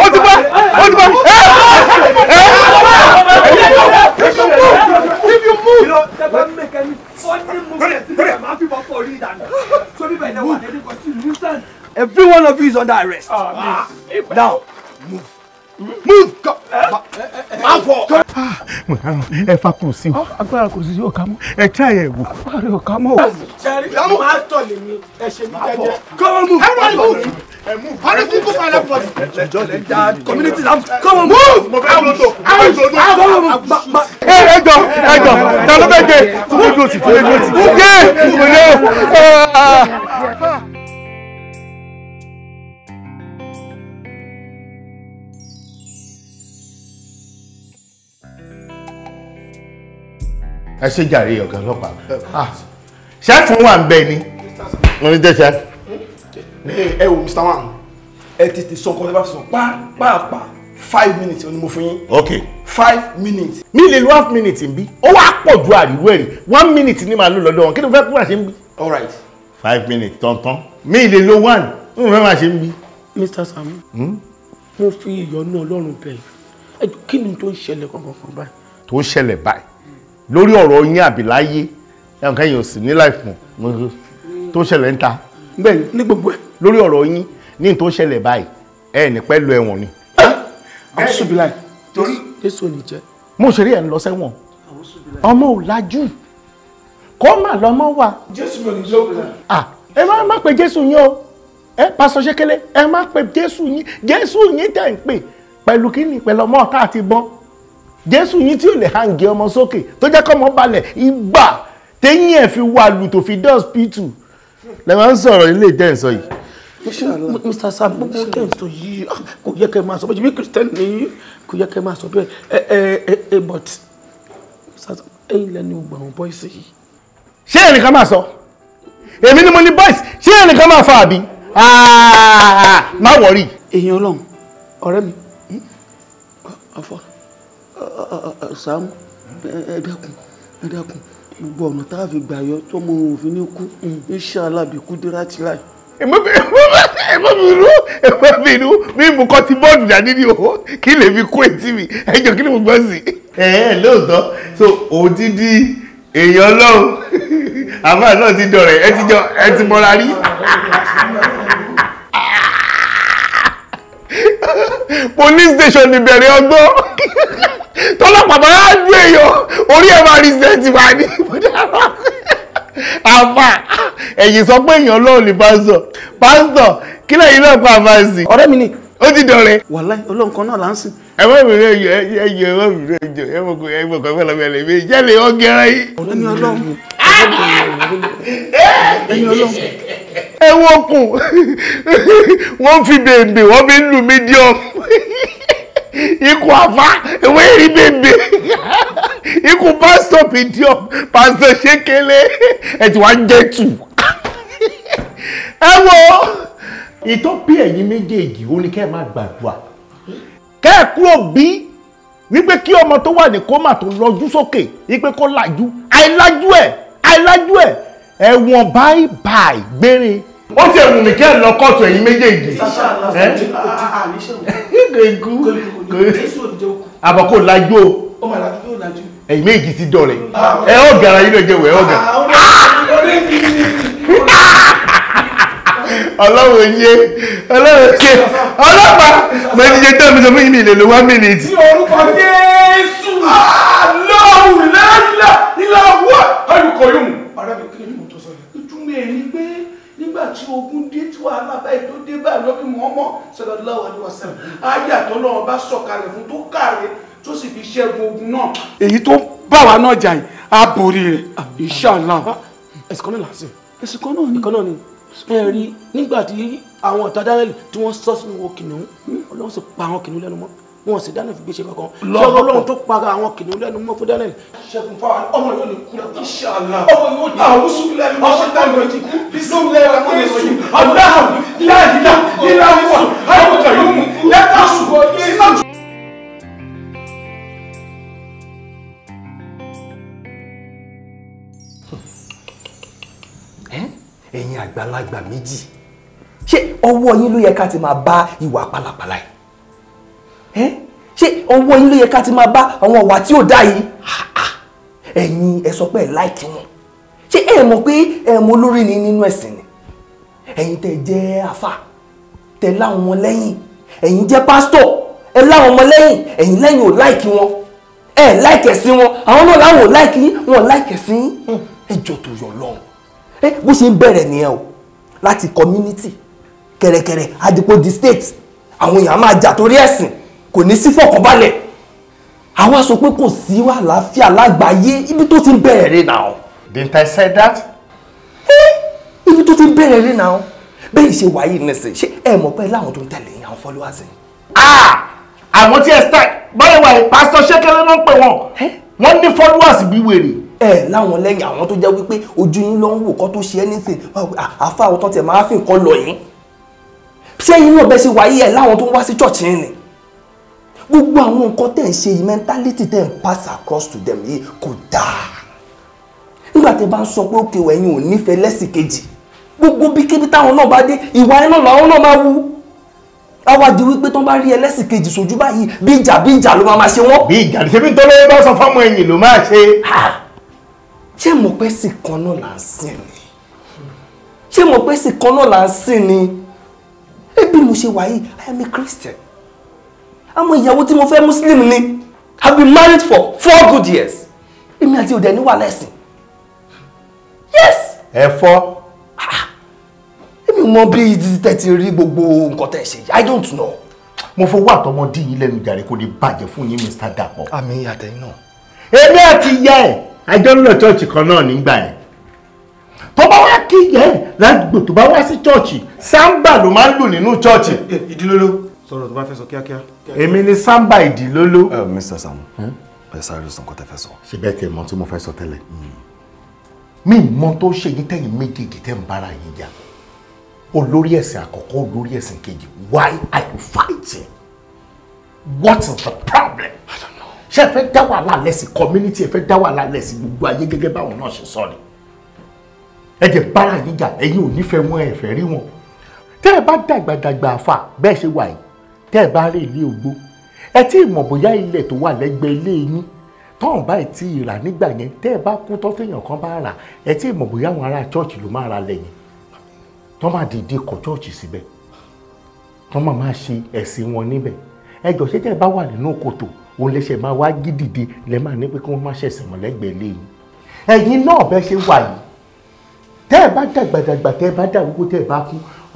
ó ti bá ó ti bá ẹ ẹ if you move. you know never make any funny movement in the mouth people for read and so people dey wan dey go see nuisance. every one of you is under arrest. Oh, now move move go máa fọ. mo ah, dáná ẹ fa kùn sí o. Ah, agbára kò sí sí ọ̀ká mọ́. ẹ tí a yẹ wò. agbára ọ̀ká mọ́ o. sẹ́rí mo máa tọ̀ lè mi ẹ ṣe mi jẹjẹ. come on move. everybody move. ẹ move. how do you go find everybody. ẹjọ lè ja community lamb. come on move. mo fẹ́ lọ tó. ayi ayi come on move. ẹ ẹ jọ ẹ jọ ta ló bẹ jẹ. mo dùn sí fún mi. mo jẹ mo lé o. ẹ ṣe jàre ọ̀gá ọlọ́pàá ah, ṣẹ́ẹ̀fù wà ń bẹ ni mo ní jẹ́ṣẹ́. ẹ wo mr wan ẹ tètè sọ nǹkan tó bá sọ pàápàá five minutes ni mo fún yín. ok five minutes. mi lè lo half minute nbí ó wàá pọ̀ ju àríwó ẹ̀rí one minute ni màá lò lọ́dọ̀ wọn kí ló fẹ́ kó wà ṣe ń bí. all right. five minutes tọ̀ntọ̀n mi lè lo one n ò fẹ́ máa ṣe ń bí. mr samu hmm? mo fi ìyọ́nú ọlọ́run bẹ̀ ẹ́ kí ni tó ń ṣẹlẹ̀ kankan báyìí. tó ń ṣẹlẹ̀ báyìí lórí ọ̀rọ̀ yín àbí láyé yìí ò sì ní life mọ̀ tó ṣẹlẹ̀ ń ta. bẹ́ẹ̀ ní gbogbo ẹ̀. lórí ọ̀rọ̀ yín ní tó ṣẹlẹ̀ báyìí ẹ ní pẹ́ lu ẹ̀wọ̀n ni. àwọn ṣùbìlà torí èso ni jẹ. mo ṣeré ẹ̀ ń lọ sẹ́wọ̀n ọmọ ò lajú kó mà lọ́mọ wà. jésù mi ò ní jókòó. ẹ má má pe jésù yín o ẹ pásọ ṣékélé ẹ má pe jésù yín jésù yín tẹ̀ ń pè pẹ̀lú kí pẹ̀lú ọmọ ọ̀tá àti bọ́n jésù yín tí ò lè hàǹgẹ̀ ọmọ sókè tó jẹ́ kọ́mọ balẹ̀ ìgbà téyín ẹ̀ fi wà lù tó fi dọ́s pítù lẹ́wọ̀n ń sọ̀rọ̀ ilé ìtẹ́ ìsọ yìí. Mr. Sam gbogbo tẹ́ ń sọ yìí ah, kò yẹ kẹ́ máa sọ bẹ́ẹ̀ bí Christian ni kò yẹ kẹ́ máa sọ bẹ́ẹ̀ ẹ ẹ ẹ but ẹ̀yin lẹ́nu gbà wọ́n bọ́ìsì yìí. ṣé ẹnìkan máa sọ èmi ni mo ní bọ́ìsì ṣé ẹnìkan máa fa àbí ah, má wọ̀rí. èèyàn Ọlọ́run ọ̀rẹ́ mi àfọ. Hmm? sam ẹ dákun ẹ dákun gbogbo ọ̀nà tá a fi gbà yọ tọmọ òfin ní kú inṣàlá bí kúdírà ti láì. ẹ̀mọ́ mi rú ẹ̀mọ́ mi rú mi mú kọ́ ti bọ́ọ̀dù dání ni o kí lè fi kó etí mi ẹjọ́ kí ni mo gbọ́ sí. ẹ ẹ lóòótọ́ so òdìdí èèyàn lọ́hùn àbá náà ti dọ̀rẹ̀ ẹ ti jọ ẹ ti mọ́ra rí. police station ní bẹ̀rẹ̀ ọgbọ́n tọ́lọ́pàá bá yá ju èèyàn orí ẹ̀ máa reset wà ní àfà ẹ̀yìn sọ pé èèyàn lọ́ọ̀ ní pásítọ̀ pásítọ̀ kí lẹ́yìn náà kó àfà sí. ọ̀rẹ́ mi ni. ó ti dọ̀rẹ́. wàláì olóńkan náà là ń sìn. ẹ má mi rẹ ẹyọ ẹyọ ẹ má mi rẹ ẹjọ ẹ mọ kò ẹ mọ kò fẹlẹ fẹlẹ mi jẹ lè yìí. ọ̀rẹ́ mi ọlọ́run. ẹ̀yin ọlọ́run ẹ wọ́n kùn wọ́n fi bèbè wọ́n fi ń lu medium ikú àfá ewé rí bèbè ikú pásítọ̀ medium pásítọ̀ ṣékélé ẹ ti wá ń jẹ́ tù ẹ wo ìtọ́pí ẹ̀yin méjèèjì ó ní kẹ́ ẹ má gbàdúrà kẹ́ ẹ kúrò bí wípé kí ọmọ tó wà ní kọ́mà tó lọ́jú sókè wípé kó làjú àìlájú ẹ̀ àìlájú ẹ̀ ẹ̀wọ̀n báyìí báyìí gbérin ó ti ẹ̀wù mí kẹ́ ẹ̀ lọ kọ́ọ̀tù ẹ̀yin méjèèjì ah, ah, ah, àbọ̀kò lajú o ẹ̀yin méjèèjì ti dọ̀rẹ́ ẹ ó gara yín ló jẹ́ wẹ̀ ẹ ó gara. ọlọ́run yé ọlọ́run yé ọlọ́pàá mo ní jẹ́ tẹ́lẹ̀ mi sọ fún yín ní ìlèlè one minute. ní orúkọ Jésù lọ́wọ́ lẹ́lẹ̀ ìlàwọ̀ ẹ̀rù kọ́ yóò mú ẹ̀ ni pé nígbà tí ogun dé tí wàhálà báyìí tó dé báyìí lọ́bí mọ́mọ́ sallallahu alaihi wasallam ayà tó lọ́wọ́ bá sọ̀kalẹ̀ fún tó kàrẹ́ tó sì fi ṣẹ́gun ogun náà. èyí tó bá wa náà jà yìí á borí rẹ̀ inshallah. ẹ̀sìnkọ́ náà làásì. ẹ̀sìnkọ́ náà ni. ẹ̀kọ́ náà ni ẹ rí nígbà tí àwọn ọ̀tá dáhẹ́lì tí wọ́n sọ́ sínú wo kìnìún sì pa àwọn kìnìún lẹ́nu mọ́ wọn sì dáná fi gbèsè kankan ṣọlọ Ọlọ́run tó para àwọn kìnìún lẹ́nu mọ́ fún Daniel. ṣẹ́gun fáwọn ọmọ yóò ní kúrẹ́ kí ṣàlá ọmọ yóò ní àwọn sùlẹ̀ mi ọmọ dáná ti kú lórí ẹ̀rọ ọmọ yóò ní ọ̀dáhùn láàdínlá nílá wọ̀ àwọn kàlùmù lẹ́tà ṣùgbọ́n yé ẹ̀yin àgbàlagbà méjì ṣé ọwọ́ yín ló yẹ ká ti máa bá ìwà pálapàla yìí ṣé ọwọ́ yín ló yẹ ká ti máa bá àwọn ọ̀wà tí ò dá yìí ẹ̀yin ẹ sọ pé ẹ̀ láìkí wọn ṣé ẹ mọ̀ pé ẹ mọ̀ olórí ni nínú ẹ̀sìn ni ẹ̀yin tẹ jẹ́ àfà tẹ láwọn ọmọ lẹ́yìn ẹ̀yin jẹ́ pásítọ̀ ẹ láwọn ọmọ lẹ́yìn ẹ̀yin lẹ́yìn ò láìkí wọn ẹ láìkẹ̀ sí wọn àwọn náà láwọn ò láìkí wọn láìkẹ̀ sí ẹ jọ tó yọ lọ́hùn ẹ bó ṣe ń bẹ̀rẹ̀ nìyẹn o láti community kẹ̀rẹ̀kẹ̀rẹ̀ adipo di state àwọn èèyàn máa jà torí ẹ̀sìn kò ní sí fọkànbalẹ̀ àwa sọ pé kò sí àlàáfíà lágbàáyé ibi tó ti bẹ̀rẹ̀ náà. didn't I say that? ibi tó ti bẹ̀rẹ̀ rẹ̀ náà bẹ́ẹ̀ ṣe wáyé nẹ̀sẹ̀ ṣé ẹ mọ̀ pé láwọn tó ń tẹ̀lé àwọn followers yẹn. Ah! àwọn tí ẹ start báyìí wáyé pásítọ̀ ṣẹ́kẹ́lẹ́ ló ń pè wọ́n wọ́n ní followers bí wèrè. ẹ láwọn lẹ́yìn àwọn tó jẹ́ wípé ojú yín ló ń wò kó tó ṣe anything ah, àfa àwọn tó tiẹ̀ máa fi nǹkan lọ yín. ṣé yín náà bẹ́ẹ̀ ṣe wáyé ẹ láwọn tó ń wá sí church gbogbo àwọn nǹkan tẹ̀ ń ṣe yìí mentality tẹ̀ ń pass across to them yìí kò dáa nígbà tẹ́ bá ń sọ pé òkè ẹ̀yin ò nífẹ̀ẹ́ lẹ́sìn kejì gbogbo bí kíbi táwọn náà bá dé ìwà iná làwọn náà máa wú àwa di wípé tó bá rí ẹlẹ́sìn kejì sójú báyìí bí ìjà bí ìjà ló máa ṣe wọ́n. bí ìjà ṣe bí tọ́lọ́wọ́ bá sọ fáwọn ẹ̀yìn ló máa ṣe. ṣé mo pẹ́ sí kan náà là ń sìn ni ṣé mo pẹ́ sí kan náà là ń sìn ni ẹ bí mo ṣe wà yìí I am a Christian àmọ́ ìyàwó tí mo fẹ́ muslim ni have been married for four good years èmi àti òde ní wà lẹ́sìn yes. ẹ fọ́. Ah, èmi mọ bí tẹ ti rí gbogbo nǹkan tẹ ṣe i don't know. mo fowó àtọmọdé yìí lẹ́nu jàre kó lè bàjẹ́ fún yín mr dapò. àmì àtẹ̀yìn náà. èmi àti ìyá ẹ̀ àjọ ń lọ ṣọ́ọ̀ṣì kan náà nígbà yẹn tó bá wá kí yẹn lágbò tó bá wá sí ṣọ́ọ̀ṣì sáńbà ló máa ń lò nínú ṣọ́ọ̀ṣì. ìdílóló sọ̀rọ̀ tó bá fẹ́ sọ kíákíá. èmi ni samba ìdílóló. ẹ Mr. Sam hmm? ẹ sáré sọ nǹkan tẹ fẹ́ sọ. ṣe bẹ́ẹ̀ tẹ mọ tí mo fẹ́ sọ tẹ́lẹ̀ mi mọ tó ṣe yín tẹ́yìn méjèèjì tẹ́ ń bára yín jà olórí ẹ̀sìn àkọ́kọ́ olórí ẹ̀sìn kejì why are you fighting what is the problem ṣé ẹ fẹ́ dá wàhálà lẹ́sìn community ẹ fẹ́ dá wàhálà lẹ́sìn gbogbo ayé gẹ́gẹ́ báwọn náà ṣe sọ ni ẹ jẹ́ bára yín jà ẹ̀yin ò nífẹ̀ẹ́ wọn ẹ fẹ́ rí wọn tẹ́ ẹ bá dàgbàdàgbà àfà bẹ́ẹ̀ ṣe wà yìí tẹ́ ẹ bá rí ilé ògbó ẹ tí ì mọ̀ bóyá ilẹ̀ tó wà lẹ́gbẹ̀ẹ́ ilé yín tọ́hún báyìí tí ì rà nígbà yẹn tẹ́ ẹ bá kú tọ́tẹ̀yàn kan bá rà ẹ tí ì mọ̀ bóyá àwọn ará chọ́ọ̀chì ló máa ra lẹ́yìn tọ́ máa dìde kọ́ chọ́ọ̀chì síbẹ̀ tọ́ máa máa ṣe ẹ̀sìn wọn níbẹ̀ ẹ jọ ṣé tẹ́ ẹ bá wà nínú kòtò òun lẹ́sẹ̀ máa wá gídìde lẹ́ máa ní pé kí wọ́n má ṣẹ̀sìn mọ́ lẹ́gbẹ̀ẹ́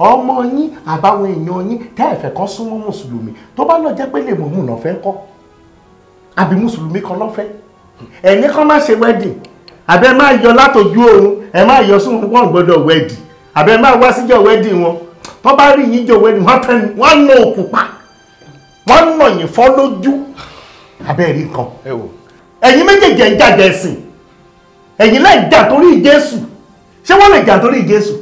ọmọ yín àbáwọn èèyàn yín tẹ́ ẹ̀fẹ́ kan súnmọ́ mùsùlùmí tó bá lọ jẹ́ pé lè mọ̀mú náà fẹ́ kọ́ àbí mùsùlùmí kan lọ́fẹ́ ẹ̀ní kan má ṣe wedding àbẹ́ má yọ látòjú òun ẹ̀ má yọ sún wọn gbọ́dọ̀ wedding àbẹ́ má wá síjọ́ wedding wọn tó bá rí yín jọ wedding wọ́n tẹ́ wọ́n nà òkú pa wọ́n nà yín fọ́ lójú àbẹ́ rí kan ẹ̀yin méjèèjì ẹ̀ ń jàjẹ́ sìn ẹ̀yin lẹ́ẹ̀ torí Jésù ṣé wọ́n lè jà torí Jésù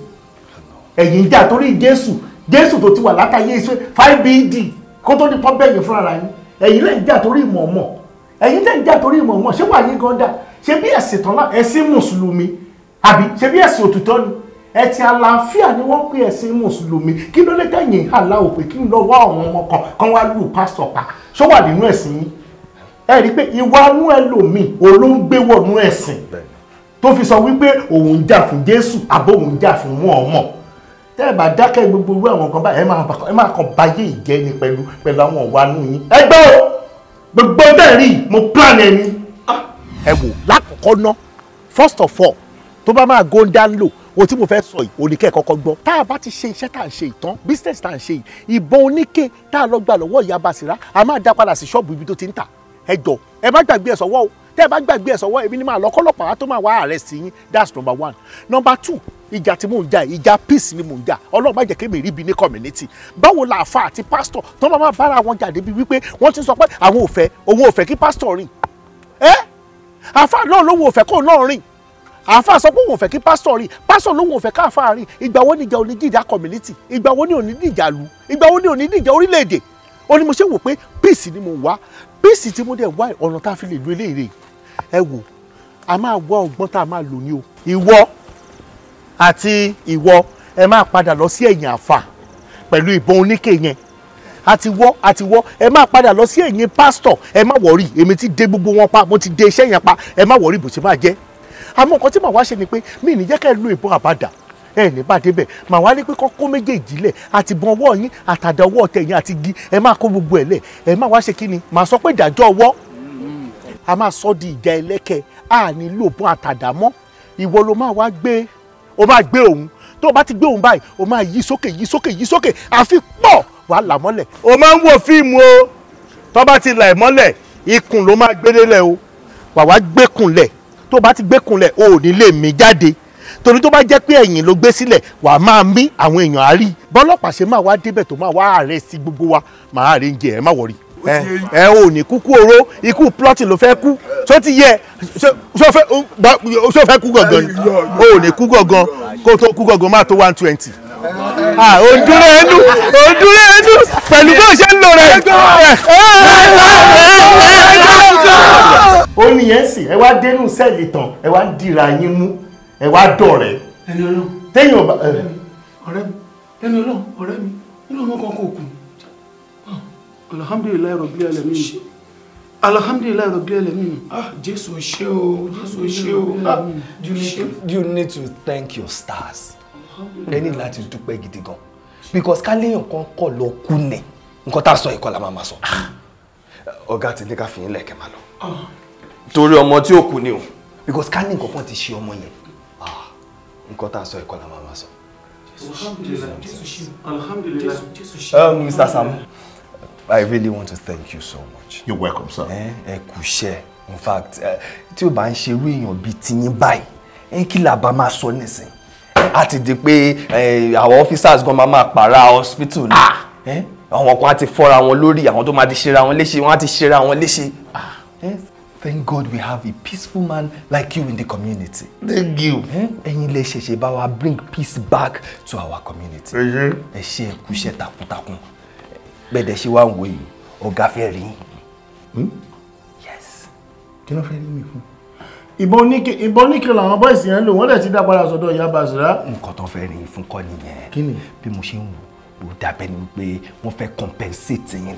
ẹ̀yin jà torí jésù jésù tó ti wà látàyè iṣẹ́ five bd kó tó ní pọ́ bẹ́yìn fúnra rà yín ẹ̀yin lẹ́yìn jà torí ìmọ̀ọ́mọ̀ ẹ̀yin lẹ́yìn jà torí ìmọ̀ọ́mọ̀ ṣé wàá yín gan dà ṣé bí ẹ̀sìn tán náà ẹ̀sìn mùsùlùmí àbí ṣé bí ẹ̀sìn òtítọ́ ni ẹ̀sìn àlàáfíà ni wọ́n pè ẹ̀sìn mùsùlùmí kí ló lè tẹ̀yìn àlá òpè kí n lọ wá àwọn ọmọ kan kan wá lù pásítọ̀ pa ṣó wà nínú ẹ̀sìn òun jà tẹ́ ẹ bá dákẹ́ gbogbo irú àwọn nǹkan báyìí ẹ máa kàn báyé ìjẹ́ ni pẹ̀lú pẹ̀lú àwọn ìwánú yín. ẹ gbọ́ gbogbo bẹ́ẹ̀ rí mo plan ẹni. Ah! ẹ wò lákòókò ná first of all tó bá máa go down low o tí mo fẹ́ sọ yìí oníkẹ́ kọ́kọ́ gbọ́ tá a bá ti ṣe iṣẹ́ tá à ń ṣe ìtàn business tá à ń ṣe yìí ìbọn oníkẹ́ tá a lọ gbà lọ́wọ́ ìyá Basira a máa dá padà sí ṣọ́ọ̀bù ibi tó ti ń tà ẹ jọ ẹ má gbàgbé ẹ sọ́wọ́ o tẹ́ ẹ bá gbàgbé ẹ sọ́wọ́ èmi ni màá lọ kọ́lọ́pàá tó máa wá arrest yín that's number one number two ìjà tí mò ń jà ìjà peace ni mò ń jà ọlọ́run má jẹ́ kí mi rí bi ní community báwo la àfa àti pastor tó máa bára wọn jà débi wípé wọ́n ti sọ pé àwọn ò fẹ́ òun ò fẹ́ kí pastor rìn ẹ́ àfa náà lòun ò fẹ́ kóun náà rìn àáfà sọ pé òun ò fẹ́ kí pásítọ̀ rìn pásítọ̀ ló wọ́n fẹ́ káàfà rìn ìgbà wo ni ìjà òní dìjà community ìgbà wo ni òní dìjà lu ìgbà wo ni òní dìjà orílẹ̀-èdè ó ní mo ṣe wò pé peace ni mo wá peace tí mo dẹ̀ wá ọ̀nà tá a fi lè lu eléyìí rè é wò a máa wá ọgbọ́n tá a máa lò ní o ìwọ àti ìwọ ẹ máa padà lọ sí ẹ̀yìn àfà pẹ̀lú ìbọn oníke yẹn àti wọ́ àti wọ́ ẹ máa padà lọ sí ẹ̀yìn pásítọ̀ ẹ má wọ̀rí èmi ti dé gbogbo wọn pa mo ti dé iṣẹ́ yẹn pa ẹ má wọ̀rí bó ṣe máa jẹ́ àmọ́ nǹkan tí màá wá ṣe ni pé mi ní jẹ́ kẹ́ lu ìbọn àbádà ẹ ní bá débẹ̀ màá wá ní pé kọ́kọ́ méjèèjì lẹ̀ àti ìbọn ọwọ́ yín àtàdá ọwọ́ tẹ̀yìn àti igi ẹ máa kó gbogbo ẹ̀ lẹ̀ ẹ má wá ṣe kí ni màá sọ pé ìdájọ́ ọwọ́ a máa sọ di ìjà ẹlẹ́kẹ̀ a nílò ìbọn àtàdá mọ́ ìwọ ló máa wá gbé o máa gbé òun tó o bá ti gbé òun báyìí o máa yí sókè yí sókè yí sókè àfi pọ̀ wàá là mọ́lẹ̀. o máa ń wo fíìmù o tó bá ti là ẹ̀ mọ́lẹ̀ ikùn ló máa gbélé lẹ̀ o wà wá gbẹ́kùn lẹ̀ tó o bá ti gbẹ́kùn lẹ̀ o ò ní lè mí jáde torí tó bá jẹ́ pé ẹ̀yìn ló gbé sílẹ̀ wà á máa mí àwọn èèyàn á rí bọ́lọ́pàá ṣe máa wá débẹ̀ tó máa wá àárẹ̀ sí gbogbo wa màá rí ń jẹ ẹ má wọrí ẹ eh, eh, ò ní kúkú oró ikú plọ́tì ló fẹ́ kú tó ti yẹ ṣó fẹ́ kú gangan ni ò ní kú gangan kó tó kú gangan má tó one twenty òǹdúró ẹnu òǹdúró ẹnu pẹ̀lú bó ṣe ń lò rẹ̀. ó ní eh, yẹn sì ẹ wá dénú sẹ́ẹ̀lì tán ẹ wá ń dira yín mú ẹ wá dọ̀rẹ́. ẹni ọlọ́run téèyàn ọba. ọ̀rẹ́ mi ẹni ọlọ́run ọ̀rẹ́ mi nínú ọmọ kan kò kù alhamdulilayi rabbil alamin alhamdulilayi rabbil alamin. ah jésù ṣé o jésù ṣé o ah you need to thank your stars ẹni láti dúpẹ́ gidi gan because káléèyàn kan kọ̀ lọ kú nẹ̀ nǹkan tá a sọ ìkọlà máa ma sọ ah. ọ̀gá ti ní ká fi yín lẹ̀kẹ̀ máa lọ ah. torí ọmọ tí ò kú ni o because ká ní nǹkan kan ti ṣe ọmọ yẹn ah, nǹkan tá a sọ ìkọlà máa ma sọ. alhamdulilayi jésù ṣe alhamdulilayi jésù ṣe. Eh, mr samu. I really want to thank you so much. You're welcome, sir. Eh, ẹ kú iṣẹ́. In fact, eh, tí o bá ń ṣerú èèyàn bíi tiyín báyìí, ẹ kí la bá máa sọ nísìn. A ti di pé eh, àwọn officers gan máa máa pààrà hospital ni. Ah! Àwọn kan á ti fọ́ra wọn lórí, àwọn tó máa ti ṣera wọn léṣe, wọ́n á ti ṣera wọn léṣe. Ah! Thank God we have a peaceful man like you in the community. Thank you. Ẹ̀yin lè ṣẹ̀ṣẹ̀ bá wa bring peace back to our community. Ẹ ṣe ẹ kú iṣẹ́ takuntakun bẹ́ẹ̀dẹ̀ ṣe wá ń wo yìí ọ̀gá fẹ́ rí yín. Hmm? yes. kí ló fẹ́ rí mi fún. ìbọn oníke ìbọn oníke làwọn bọ́ìsì yẹn lò wọ́n dẹ̀ ti dá padà sọ́dọ̀ ìyá Basira. nǹkan tó fẹ́ rí yín fún kọ́ nìyẹn. kí ni. bí mo ṣe ń wò ó dàbẹ́ ni wípé wọ́n fẹ́ compensate yín ni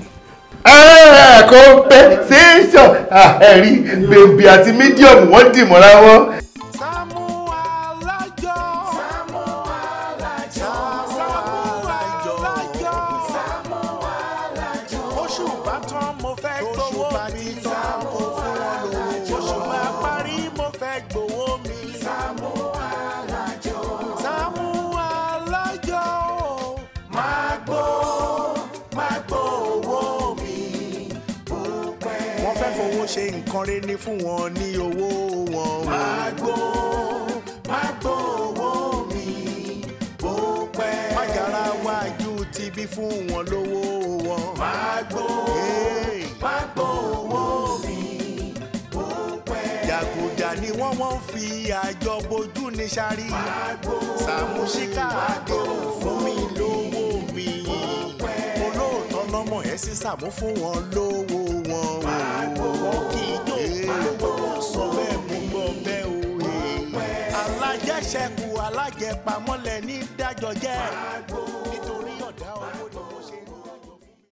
compensation ah, ẹ̀rí bèbè àti mídíọ̀mù wọ́n dì mọ́ra wọn. fún wọn ní owó wọn. Magbo Magbo owó mi bó pẹ́. Má yàrá wájú ti bí fún wọn lówó wọn. Magbo Magbo owó mi bó pẹ́. Jàgùjà ni wọ́n wọ́n fi àjọ bojú ní sáré. Magbo Magbo Sàmúsíkà àdéhùn fún mi lówó ọmọ ẹ̀ sí sàmú fún wọn lówó wọn o. pàgbọ́ kí ijó pàgbọ́ sọ bẹ́ẹ̀ mú gbọ́ bẹ́ẹ̀ o. alájẹṣẹ́kù alájẹpamọ́lẹ̀ ní dájọ́ jẹ́. pàgbọ́.